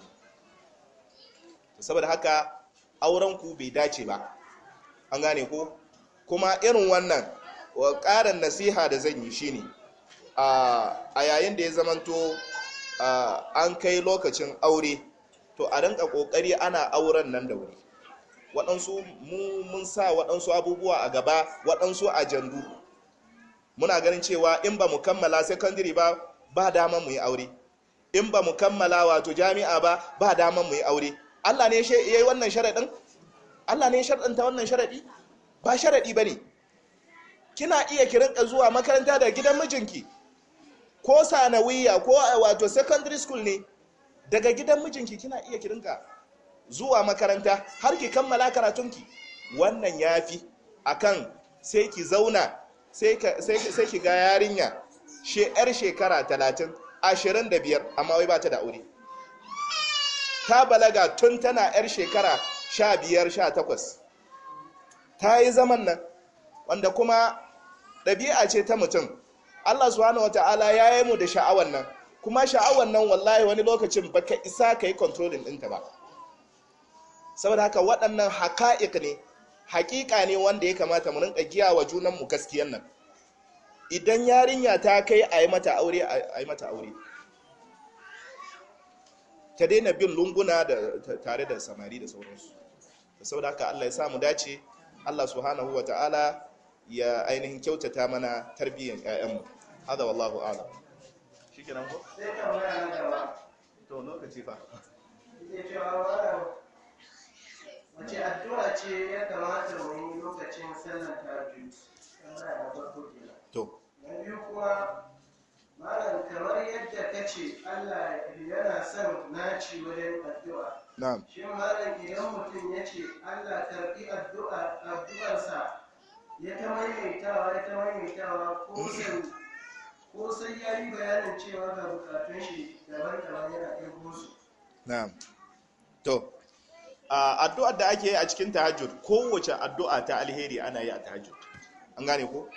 saboda haka aurenku bai dace ba an gane ko kuma irin wannan wa ƙarin nasiha da zan yi shine a yayin da ya zamanto an kai lokacin aure to a rinka kokari ana auren nan da wuri waɗansu mu mun sa waɗansu abubuwa a gaba waɗansu a jandu muna ganin cewa in ba mu kammala secondary ba ba dama mu yi aure in ba mu kammala wato jami'a ba ba dama mu yi aure Allah ne ya yi wannan sharaɗin Allah ne sharaɗin ta wannan sharaɗi ba sharaɗi ba ne kina iya ki rinka zuwa makaranta da gidan mijinki ko sanawiya ko eh, wato secondary school ne daga gidan mijinki kina iya kirinka zuwa makaranta har ki kammala karatunki wannan ya fi akan sai ki zauna sai ki ga yarinya yar shekara talatin ashirin da biyar amma wai ba ta da aure ta balaga tun tana yar shekara sha biyar sha takwas ta yi zaman nan wanda kuma ɗabi'a ce ta mutum Allah subhanahu wataala ya yi mu da sha'awar nan kuma sha'awar nan wallahi wani lokacin baka isa ka yi controlling ɗinta ba saboda haka waɗannan haka'iq ne hakika ne wanda ya kamata mu rinƙa giya wa junanmu gaskiyan nan idan yarinya ta kai a yi mata aure a yi mata aure ta daina bin lunguna da tare da samari da sauransu saboda haka Allah ya sa mu dace Allah subhanahu wa ta'ala ya ainihin kyautata mana tarbiyyar 'ya'yanmu hada wallahu alam shikenan ko sai ka waya na gaba to lokaci fa ke cewa wala wace addu'a ce ya kamata mu yi lokacin sallar tahajjud Allah ya to na biyu kuwa malam kamar yadda ka ce Allah yana son naci wajen addu'a na'am shin malam idan mutum ya ce Allah karɓi addu'arsa ya ta maimaitawa ya ta maimaitawa ko zai ko sai ya yi bayanin cewa ga bukatun shi daban-daban yana ɗebo su na'am to addu'ar da ake yi a cikin tahajjud kowace addu'a ta alheri ana yi a tahajjud an gane ko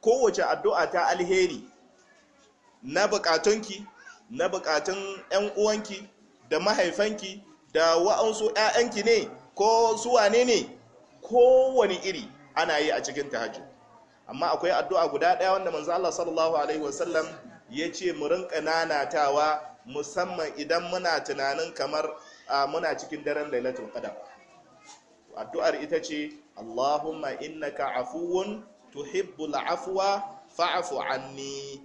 kowace addu'a ta alheri na bukatunki na bukatun 'yan uwanki da mahaifanki da wa'ansu 'ya'yanki ne ko su wane ne kowane iri ana yi a cikin tahajjud amma akwai addu'a guda ɗaya wanda manzo Allah sallallahu alaihi wasallam ya ce mu rinka nanatawa musamman idan muna tunanin kamar muna cikin daren lailatul qadar addu'ar ita ce Allahumma innaka afuwun tuhibbul afwa fa'fu anni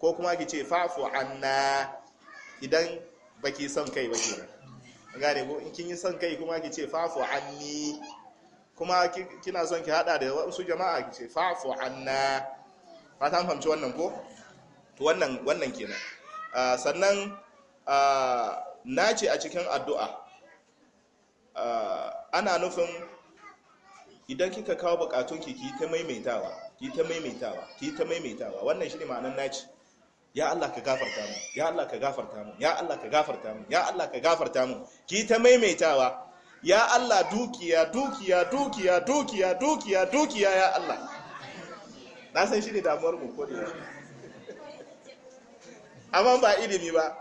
ko kuma ki ce fa'fu anna idan baki son kai ba kenan gane ko in kin yi son kai kuma ki ce fa'fu anni kuma kina son ki hada da wasu jama'a ki ce fa'fu anna an fahimci wannan ko to wannan wannan kenan ah, sannan ah, na ce a cikin addu'a ah, ana nufin idan kika kawo bukatunki ki ta maimaitawa ki ta maimaitawa ki ta maimaitawa wannan shine ma'anar naci ya Allah ka gafarta mu ya Allah ka gafarta mu ya Allah ka gafarta mu ya Allah ka gafarta mu ki ta maimaitawa ya Allah dukiya dukiya dukiya dukiya dukiya dukiya ya Allah na san shi ne damuwar mu ko da amma ba ilimi ba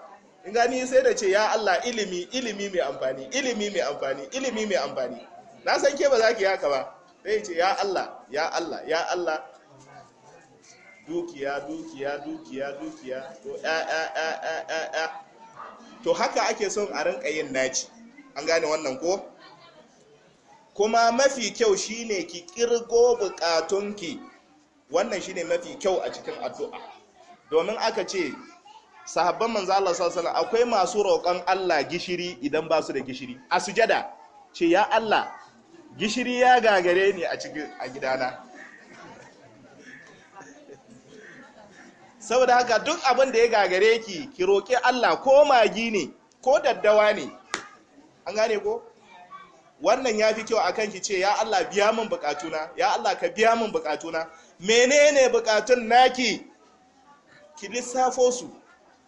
in gani sai da ce ya Allah ilimi ilimi mai amfani ilimi mai amfani ilimi mai amfani na san ke ba za ki haka ba sai ce ya Allah ya Allah ya Allah dukiya dukiya dukiya dukiya to a a a a a to haka ake son a rinka yin naci an gane wannan ko kuma mafi kyau shine ki kirgo bukatunki wannan shine mafi kyau a cikin addu'a domin aka ce sahabban manzo Allah sallallahu akwai masu roƙon Allah gishiri idan ba su da gishiri a sujada ce ya Allah gishiri ya gagare ni a cikin a gidana saboda haka duk abin da ya gagare ki ki roƙi Allah ko magi ne ko daddawa ne an gane ko wannan ya fi kyau a kan ki ce ya Allah biya min bukatuna ya Allah ka biya min bukatuna menene bukatun naki ki lissafo su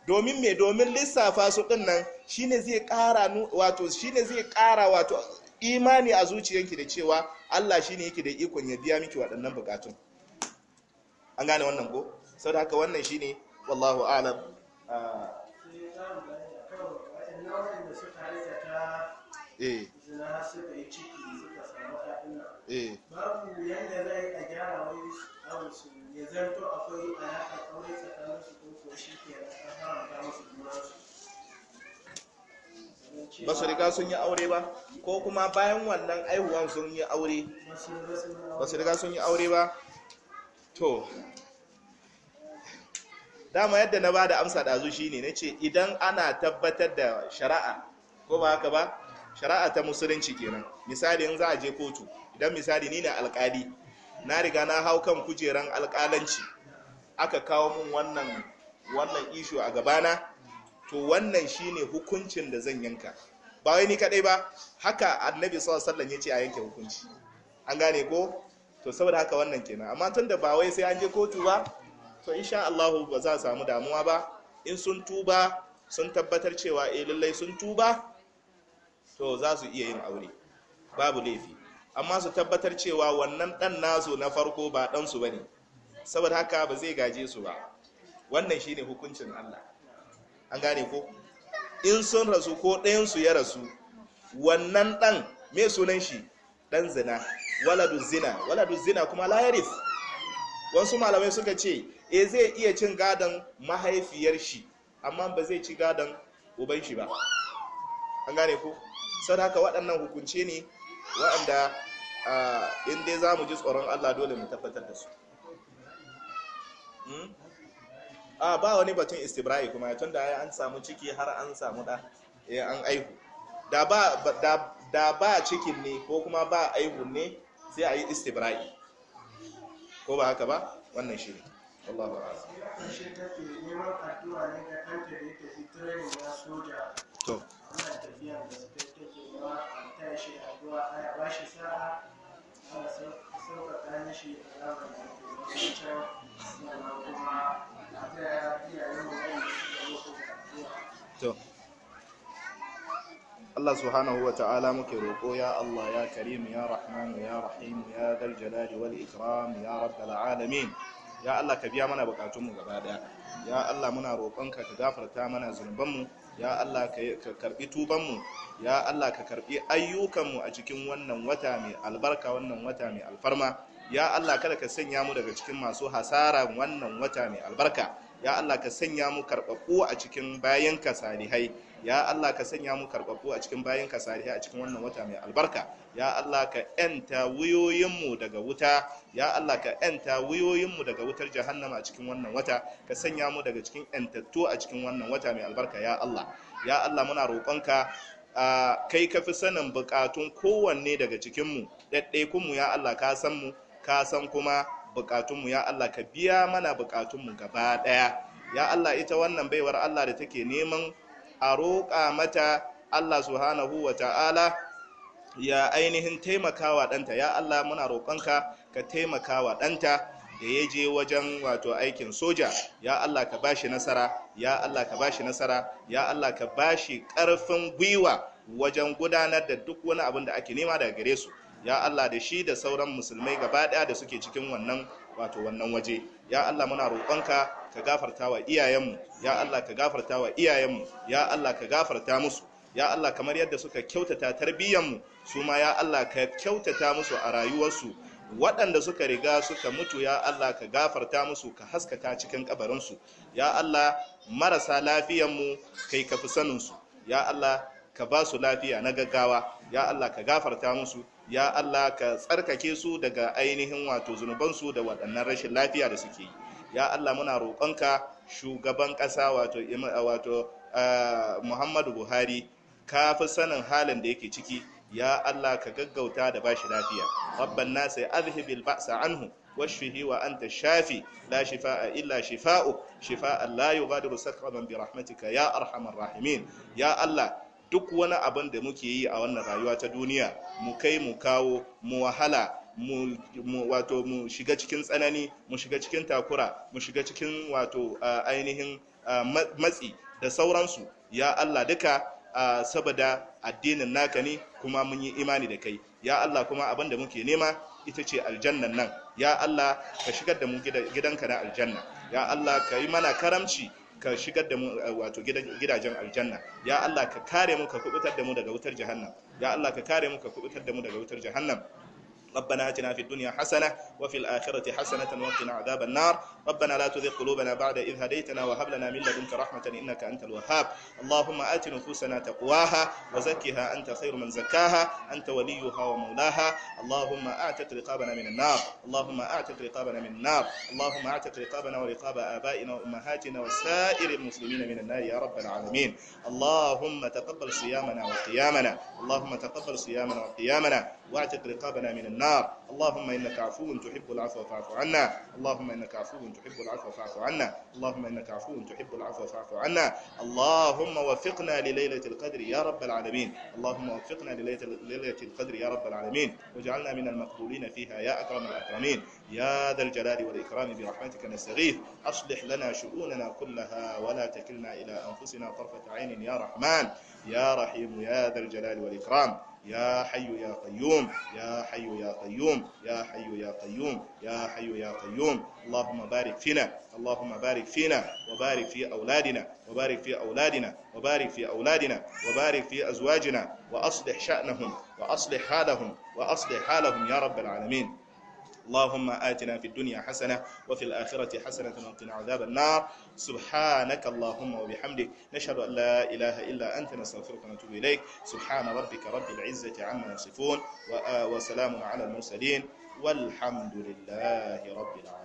domin me domin lissafa su din nan shine zai kara wato shine zai kara wato imani a zuciyanki da cewa Allah shine yake da ikon ya biya miki waɗannan bukatun an gane wannan ko saboda haka wannan shine wallahu a'lam ah. eh zina har suka ba su riga sun yi aure ba ko kuma bayan wannan aihuwan sun yi aure ba su riga sun yi aure ba to dama yadda na ba da amsa ɗazu shine na ce idan ana tabbatar da shari'a ko ba haka ba shari'a ta musulunci kenan misali in za a je kotu idan misali ni ne alkali na riga na hau kan kujeran alkalanci aka kawo min wannan wannan ishu a gabana to wannan shine hukuncin da zan yanka ba wai ni kadai ba haka annabi sallallahu alaihi ya ce a yanke hukunci an gane ko to saboda haka wannan kenan amma tunda ba wai sai an je kotu ba to insha Allah ba za a samu damuwa ba in sun tuba sun tabbatar cewa eh lallai sun tuba to za su iya yin aure babu laifi amma su tabbatar cewa wannan ɗan nasu na farko ba ɗansu ba ne saboda haka ba zai gaje su ba wannan shine hukuncin allah an gane ko in sun rasu ko ɗayansu ya rasu wannan ɗan me sunan shi ɗan zina waladu zina waladu zina kuma layarif wasu malamai suka ce e zai iya cin gadon mahaifiyar shi amma ba zai ci gadon uban shi ba an gane ko sau haka waɗannan hukunce ne waɗanda in dai za mu ji tsoron allah dole mu tabbatar da su hmm? a ba wani batun istibra'i kuma tun da an samu ciki har an samu ɗa eh, an aihu da ba cikin ne ko kuma ba aihu ne sai a yi istibra'i ko ba haka ba wannan shi ne Allah ba To. a taya shi Allah sa'a a subhanahu wa ta'ala muke roƙo ya Allah ya Karim ya Rahman ya Rahim ya Dal Jalali wal Ikram ya Rabbal Alamin ya Allah ka biya mana bukatunmu gaba daya ya Allah muna rokonka ka gafarta mana zunubanmu ya Allah ka karbi tubanmu ya Allah ka karbi ayyukanmu a cikin wannan wata mai albarka wannan wata mai alfarma ya Allah kada ka sanya mu daga cikin masu hasara wannan wata mai albarka ya Allah ka sanya mu karɓaɓɓu a cikin bayan ka salihai ya Allah ka sanya mu karɓaɓɓu a cikin bayan ka salihai a cikin wannan wata mai albarka ya Allah ka yanta wuyoyinmu daga wuta ya Allah ka yanta wuyoyinmu daga wutar jahannama a cikin wannan wata ka sanya mu daga cikin ƴantattu a cikin wannan wata mai albarka ya Allah ya Allah muna roƙonka kai ka fi sanin buƙatun kowanne daga cikinmu ɗaiɗaikunmu ya Allah ka san mu ka san kuma bukatunmu ya Allah ka biya mana bukatunmu gaba daya ya Allah ita wannan baiwar Allah da take neman a roƙa mata Allah subhanahu wa ta'ala ya ainihin taimakawa ɗanta ya Allah muna roƙonka ka taimakawa ɗanta da ya je wajen wato aikin soja ya Allah ka ba shi nasara ya Allah ka ba shi nasara ya Allah ka ba shi ƙarfin gwiwa wajen gudanar da duk wani abin da ake nema daga gare su ya Allah da shi da sauran musulmai gaba daya da suke cikin wannan wato wannan waje ya Allah muna roƙonka ka gafarta wa iyayenmu ya Allah ka gafarta wa iyayenmu ya Allah ka gafarta musu ya Allah kamar yadda suka kyautata tarbiyyanmu su ma ya Allah ka kyautata musu a rayuwarsu waɗanda suka riga suka mutu ya Allah ka gafarta musu ka haskaka cikin kabarinsu ya Allah marasa lafiyanmu kai ka fi saninsu ya Allah ka ba su lafiya na gaggawa ya Allah ka gafarta musu ya Allah ka tsarkake su daga ainihin wato zunubansu da waɗannan rashin lafiya da suke yi ya Allah muna roƙonka shugaban ƙasa wato wato Muhammadu Buhari ka fi sanin halin da yake ciki ya Allah ka gaggauta da bashi lafiya rabban nasa ya azhibil ba'sa anhu washfihi wa anta shafi la shifaa'a illa shifaa'uk shifaa'an la yughadiru saqaman bi rahmatika ya arhamar rahimin ya Allah duk wani abin da muke yi a wannan rayuwa ta duniya mu kai mu kawo mu wahala mu wato mu shiga cikin tsanani mu shiga cikin takura mu shiga cikin wato ainihin matsi da sauransu ya Allah duka saboda addinin naka ne kuma mun yi imani da kai ya Allah kuma abin da muke nema ita ce aljannan nan ya Allah ka shigar da mu gidanka na aljanna ya Allah ka yi mana karamci ka shigar da mu eh, wato gidajen aljanna ya Allah ka kare mu ka kubutar da mu daga wutar jahannam ya Allah ka kare mu ka kubutar da mu daga wutar jahannam ربنا آتنا في الدنيا حسنة وفي الآخرة حسنة وقنا عذاب النار ربنا لا تذق قلوبنا بعد إذ هديتنا وهب لنا من لدنك رحمة إنك أنت الوهاب اللهم آت نفوسنا تقواها وزكها أنت خير من زكاها أنت وليها ومولاها اللهم أعتق رقابنا من النار اللهم أعتق رقابنا من النار اللهم أعتق رقابنا ورقاب آبائنا وأمهاتنا وسائر المسلمين من النار يا رب العالمين اللهم تقبل صيامنا وقيامنا اللهم تقبل صيامنا وقيامنا واعتق رقابنا من النار اللهم انك عفو تحب العفو فاعف عنا اللهم انك عفو تحب العفو فاعف عنا اللهم انك عفو تحب العفو فاعف عنا اللهم وفقنا لليله القدر يا رب العالمين اللهم وفقنا لليله القدر يا رب العالمين واجعلنا من المقبولين فيها يا اكرم الاكرمين يا ذا الجلال والاكرام برحمتك نستغيث اصلح لنا شؤوننا كلها ولا تكلنا الى انفسنا طرفه عين يا رحمن يا رحيم يا ذا الجلال والاكرام يا حي يا قيوم يا حي يا قيوم يا حي يا قيوم يا حي يا قيوم اللهم بارك فينا اللهم بارك فينا وبارك في أولادنا وبارك في أولادنا وبارك في أولادنا وبارك في أزواجنا وأصلح شأنهم وأصلح حالهم وأصلح حالهم يا رب العالمين اللهم آتنا في الدنيا حسنة وفي الآخرة حسنة وقنا عذاب النار سبحانك اللهم وبحمدك نشهد أن لا إله إلا أنت نستغفرك ونتوب إليك سبحان ربك رب العزة عما يصفون وسلام على المرسلين والحمد لله رب العالمين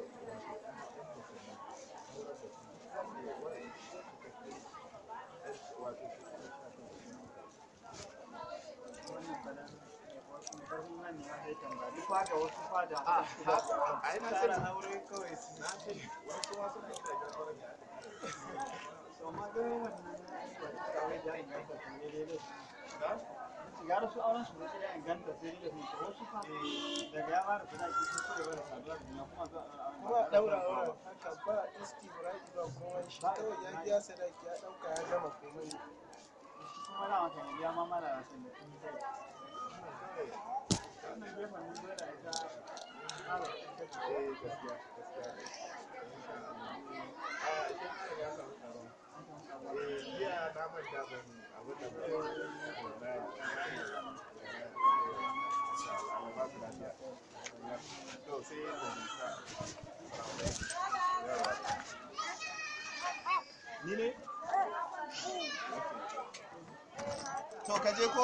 fada wasu fada ah, a ai na sani aure kawai su na wasu wasu ne da ya so ma ga wannan kawai da in ganta ta ne dai da gara su auren su da in ganta sai da su wasu eh, daga ya fara fada ki su da bara da kuma a kuma daura aure haka ba istibrai ba kuma shi kawai ya biya sadaki ya dauka ya gama komai kuma na wata ne ya da to kaje ko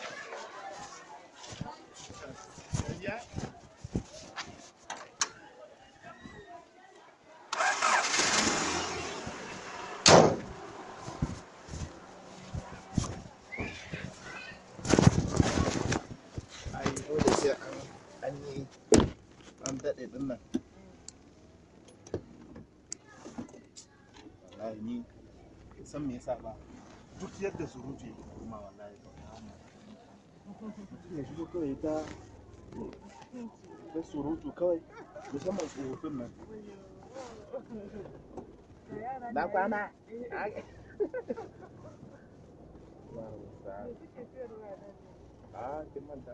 anh ăn tết thì tính này wallahi ni san me yasa ba duk yadda surutu ya kuma wallahi ba ya shigo kawai ta ta surutu kawai musamman tsofaffin nan na kwana a kin manta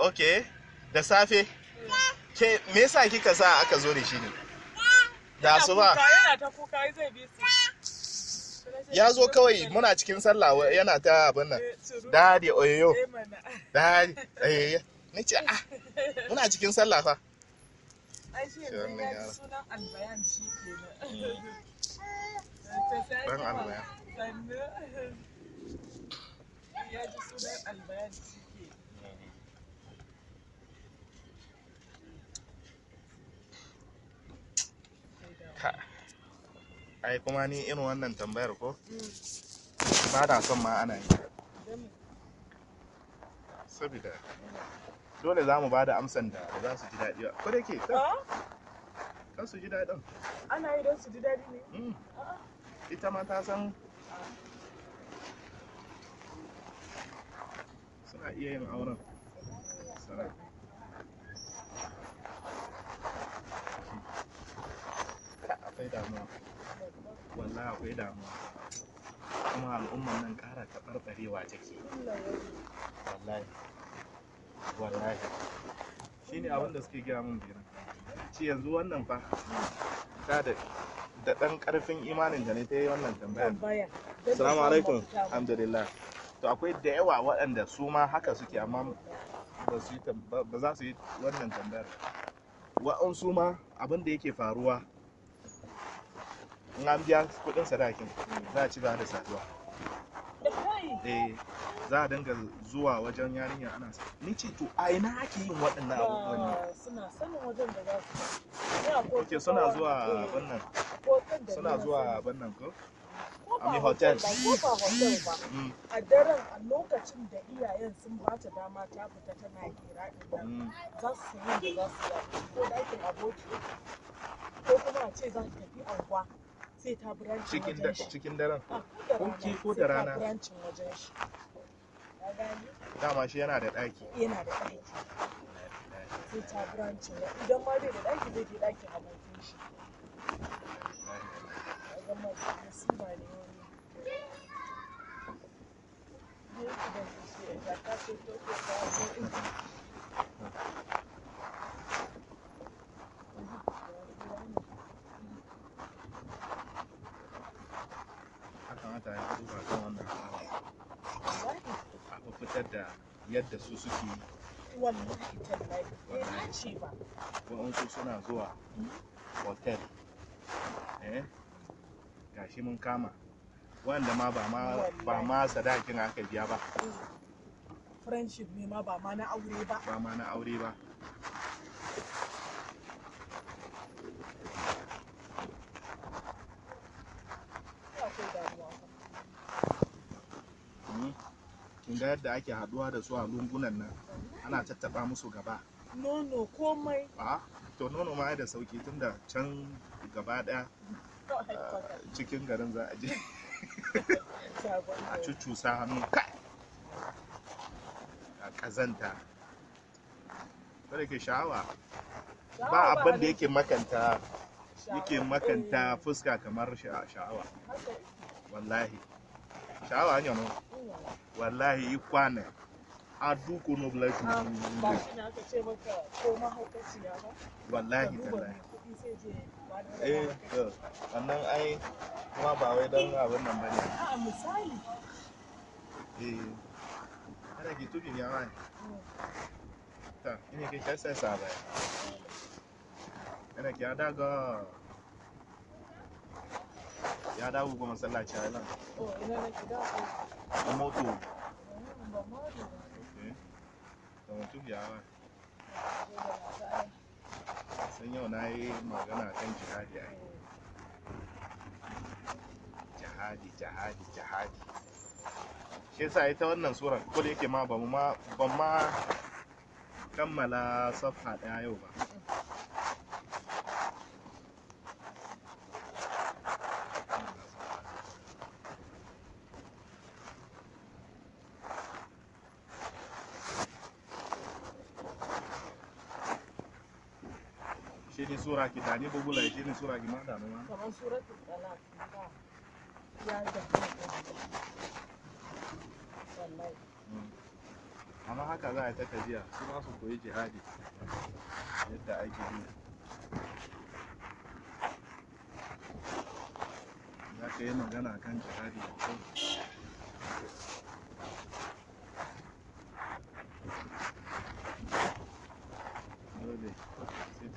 ok da safe ke me yasa kika sa aka zo da shi ne da su ba ya zo kawai muna cikin sallah yana ta abin nan eh, dadi oyoyo eh, dadi oyoyo na ce ah muna cikin sallah fa ai shi ne ya sunan albayan shi kenan dan hmm. albayan ya ji sunan albayan shi ai kuma ni irin wannan tambayar ko ba da son ma ana yi saboda dole za mu ba da amsan da za su ji daɗi ba ko da ke kan su ji daɗin ana yi don su ji daɗi ne mm. ita ma ta san suna iya yin auren sana akwai damuwa wallahi akwai damuwa kuma al'ummar nan ƙara taɓarɓarewa take wallahi wallahi ne abin da suke gaya min kenan ci yanzu wannan fa ta da da ɗan ƙarfin imanin da ne ta yi wannan tambayar salamu alaikum alhamdulillah to akwai da yawa waɗanda su ma haka suke amma ba za su yi wannan tambayar wa'ansu ma abin da yake faruwa in an biya kudin sadakin za a ci gaba da saduwa eh za a dinga zuwa wajen yarinya ana sa ni ce to a ina ake yin waɗannan abubuwan ne suna sanin wajen da za su ok suna zuwa wannan suna zuwa bannan ko a mi hotel mm. a daren a lokacin da iyayen sun ba ta dama ta fita tana kira ɗin mm. za su yi da za su yi ko da aikin aboki ko kuma a ce za su tafi anguwa sai ta branch wajen shi cikin daren ko da rana wajen shi dama shi yana da ɗaki yana da sai ta branch idan ma bai da zai je shi ga ne wani da shi ta ce ko ko makaranta ya wannan halayya a fitar da yadda su suke yi wallahi tallahi bai suna zuwa hotel eh gashi mun kama wanda ma ba ma ba ma sadakin aka biya ba eh, friendship ne ma ba ma na aure ba ba ma na aure ba kun ga yadda ake haduwa da su a lungunan nan ana tattaba musu gaba nono komai a to nono ma da sauki tunda can gaba daya eh, cikin garin za a je a cucusa hannu kai a kazanta kada ke sha'awa ba abin da yake makanta yake makanta eh. fuska kamar sha'awa wallahi sha'awa ne wallahi ikwane a duku no bless me ba shi na ka ce maka ko ya ba wallahi tallahi eh ai kuma ba wai abin nan bane a ah, ah, misali eh kada ki tuki ya wani ta ina ke sabai adaga ya dawo goma masallaci a nan oh, a moto da eh, mutum ya wa san yau na yi magana kan jihadi a jihadi jihadi jihadi shi yi ita wannan surar ko da yake ma ba ma kammala safha daya yau ba sura ki kitani bugula shi ne sura kiman da nuna kamar suratul talaq ya da wallahi hmm. amma haka za a ta tafiya su ba su koyi jihadi yadda ake yi za ka yi magana kan jihadi a kai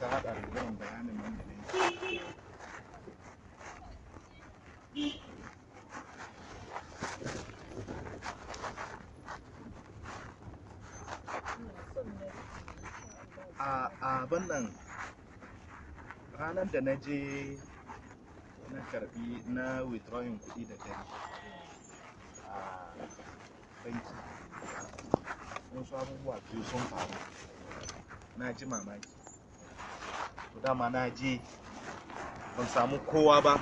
ta haɗa da yawan bayanin nan da ne a abin nan ranar da na je na karbi na withdrawing kuɗi da dare a banki wasu abubuwa biyu sun faru na ji mamaki to dama na je ban samu kowa ba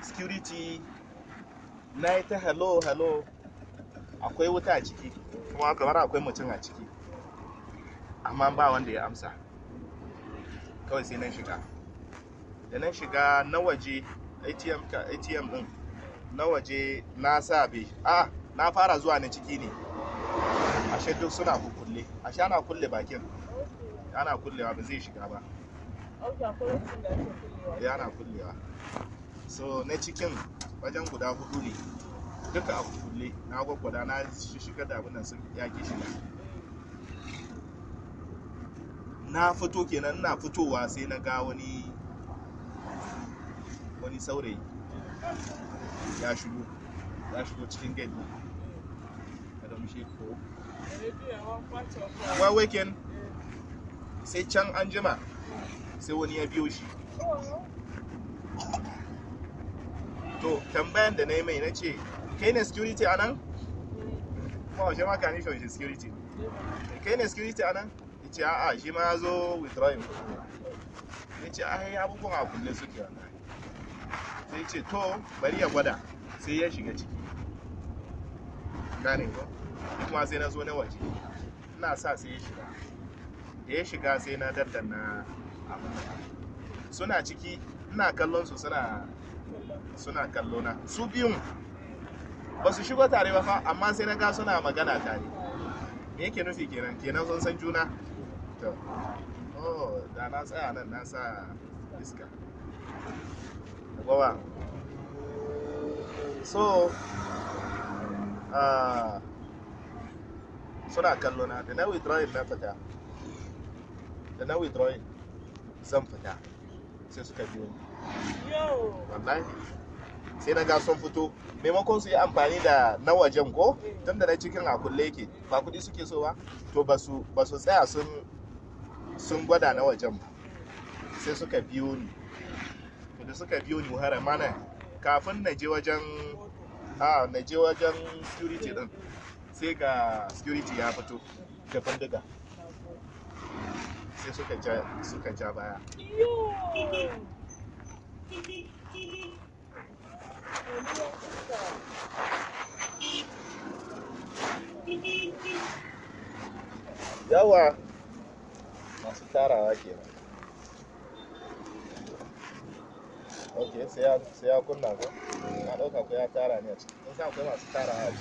security na yi ta hello hello akwai wuta a ciki kuma kamar akwai mutum a ciki amma ba wanda ya amsa kawai sai nan shiga da nan shiga na waje atm ka atm din na waje na sa be ah na fara zuwa na ciki ne ashe duk suna kukulle ashe ana kulle bakin ana kullewa ba zai shiga ba ya ana kullewa so na cikin wajen guda hudu ne duka a kulle na gwaggwada na shiga da abin sun yaƙi shiga na fito kenan na fitowa sai na ga wani wani saurayi ya shigo ya shigo cikin gari ko wai weekend sai can an jima sai wani ya biyo shi to tambayan da na yi mai na ce kai ne security anan?" kuma ma shi ma shi security kai ne security anan?" ya ce a'a shi ma ya zo withdrawing ya ce yi abubuwan a kulle ke wannan sai ce to bari ya gwada sai ya shiga ciki gane ko kuma sai na zo na waje ina sa sai ya shiga da ya shiga sai na daddana abu suna ciki ina kallon su suna suna kallo na su biyun ba su shigo tare ba fa amma sai na ga suna magana tare me yake nufi kenan kenan sun san juna to oh da na tsaya nan na sa iska gowa so uh, suna kallo na da na withdraw na fita da na withdrawing zan fita sai suka biyo ni wallahi sai na ga sun fito maimakon su yi amfani da na wajen ko tun da na cikin a kulle yake ba kuɗi suke so ba to ba su tsaya sun gwada na wajen ba sai suka biyo ni to da suka biyo ni muhara mana kafin na je wajen a na je wajen security din sai ga security ya fito da bindiga sai suka ja suka ja baya yawa masu tarawa ok sai ya kunna ko ko ya tara ne a sa akwai masu tarawa a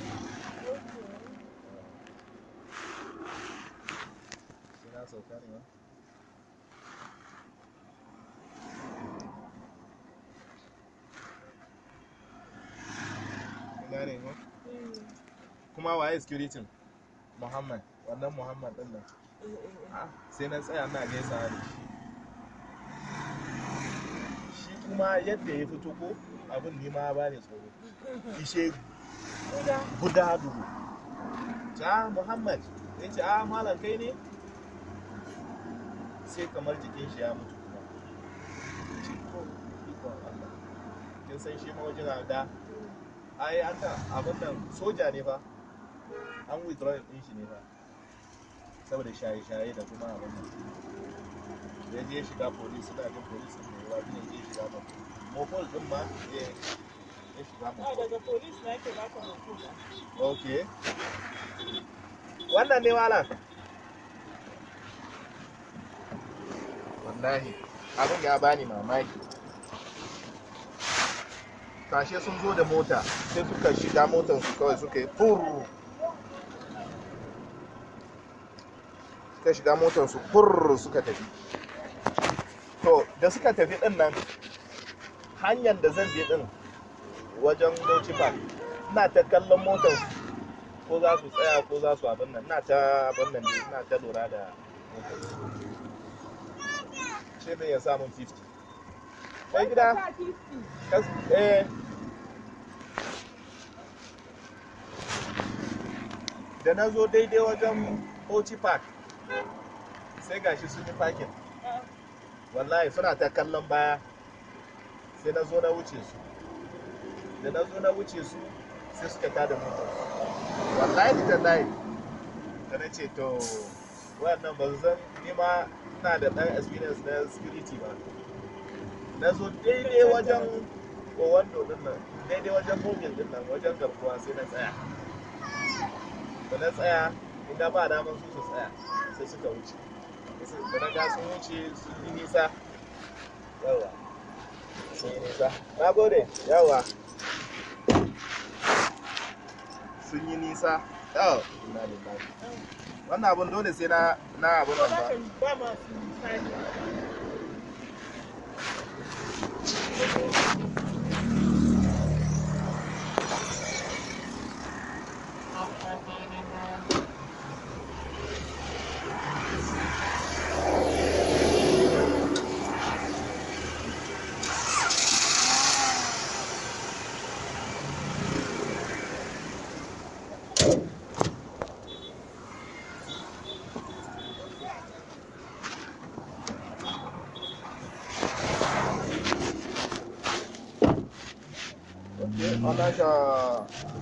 ciki gane ne kuma waye security muhammad wannan muhammad din nan eh, eh, eh. sai na tsaya na gaisa ne shi kuma yadda ya fito ko abin ne ma ba ne tsoro ishe guda dubu ta muhammad ya ce a ah, malam kai ne sai kamar jikin shi ya mutu kuma kin san shi ma wajen da ai an da abin nan soja ne fa an withdraw din shi ne fa saboda shaye-shaye da kuma abin nan ya je shiga police suna jin police ne wa ne ya shiga ba mopol din ma eh, ya shiga mopol daga police na ke ba ka mopol okay wannan ne wala wallahi abin ya bani mamaki tashe sun zo da mota sai suka shiga motar su kawai suka yi furu suka shiga motar su furu suka tafi to da suka tafi din nan hanyar da zan je din wajen Bauchi Park ina ta kallon motar ko za su tsaya ko za su abin nan ina ta abin nan ne ina ta lura da motar shi ne ya samun 50 Sai gida? Eh, da na zo daidai wajen oci park sai gashi sun yi parking wallahi suna ta kallon baya sai na zo na wuce su da na zo na wuce su sai suka da mutu wallahi da layi da na ce to wannan ba zan nima ina da ɗan experience na security ba na zo daidai wajen kowar din nan daidai wajen mobile din nan wajen garkuwa sai na tsaya da na tsaya inda ba damar su su tsaya sai suka wuce da na ga sun wuce sun yi nisa yawa sun yi nisa na gode yawa sun yi nisa yau ina lillahi wannan abun dole sai na na abun nan ba ba masu misali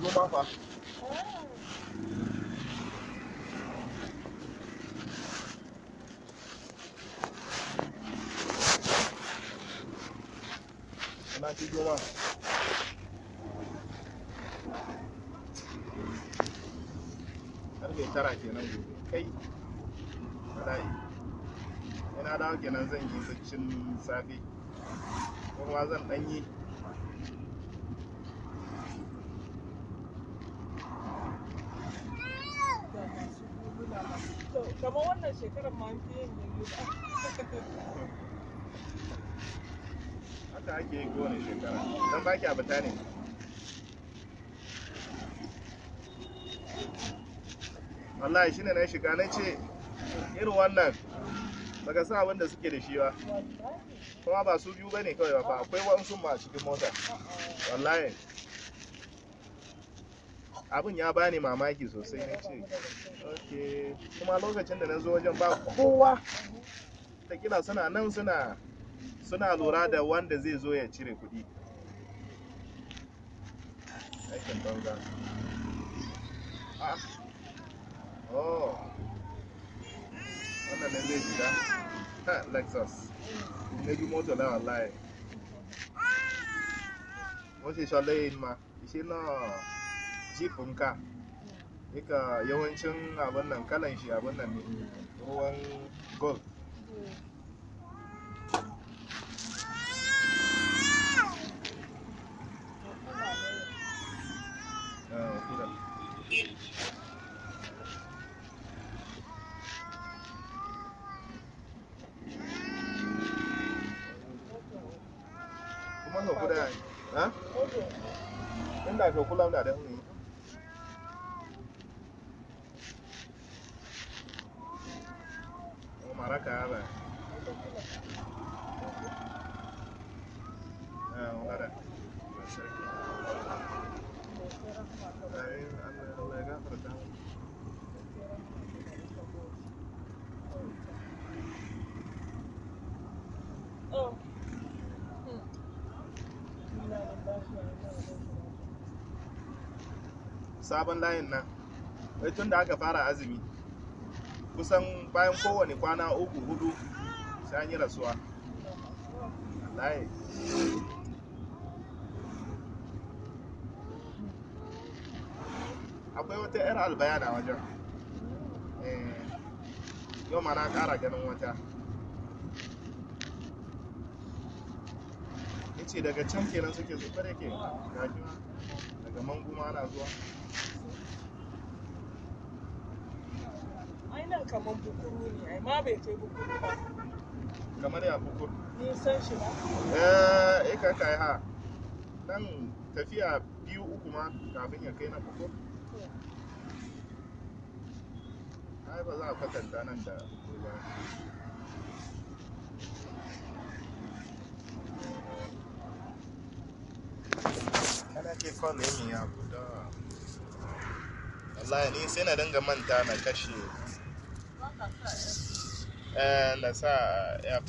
vô bao hả? Hôm nay vô bao. Karfe tara kenan gobe. Kai, bala'i. Ina dawo kenan zan yi baccin safe. Kuma zan ɗan yi wannan shekarar ma fi yin yanzu haka ake yi kowane shekara don baki a fita ne wallahi shi ne na shiga na ce irin wannan baka sa abin da suke da shi ba kuma ba su biyu ba ne kawai ba akwai wansu ma a cikin mota wallahi abin ya bani mamaki sosai na ce kuma lokacin da na zo wajen ba kowa kila suna nan suna suna lura da wanda zai zo ya cire kuɗi aikin banza ah oh wannan ne zai jira ha lexus ne bi moto na wallahi wọ́n ṣe sọ lẹ́yìn ma ìṣe náà jíìpù ń ká nika yawancin abin nan kalan shi abin nan ne ruwan gold ah, kuma ka kuda ha? inda ka kula da don sabon layin nan wai tun da aka fara azumi kusan bayan kowane kwana uku hudu sai an yi rasuwa wallahi akwai wata 'yar albayana wajen eh, yau ma na kara ganin wata ya ce daga can kenan suke zuwa da ke daga manguma na zuwa kaman bukuru ne ai ma bai kai bukuru ba kamar ya bukuru ni san shi ba eh eh kan kai ha nan tafiya biyu uku ma kafin ya kai na bukuru ai ba za a kwatanta nan da bukuru ba kana ke kwallo yin ya guda wallahi ni sai na dinga manta na kashe and that's how ya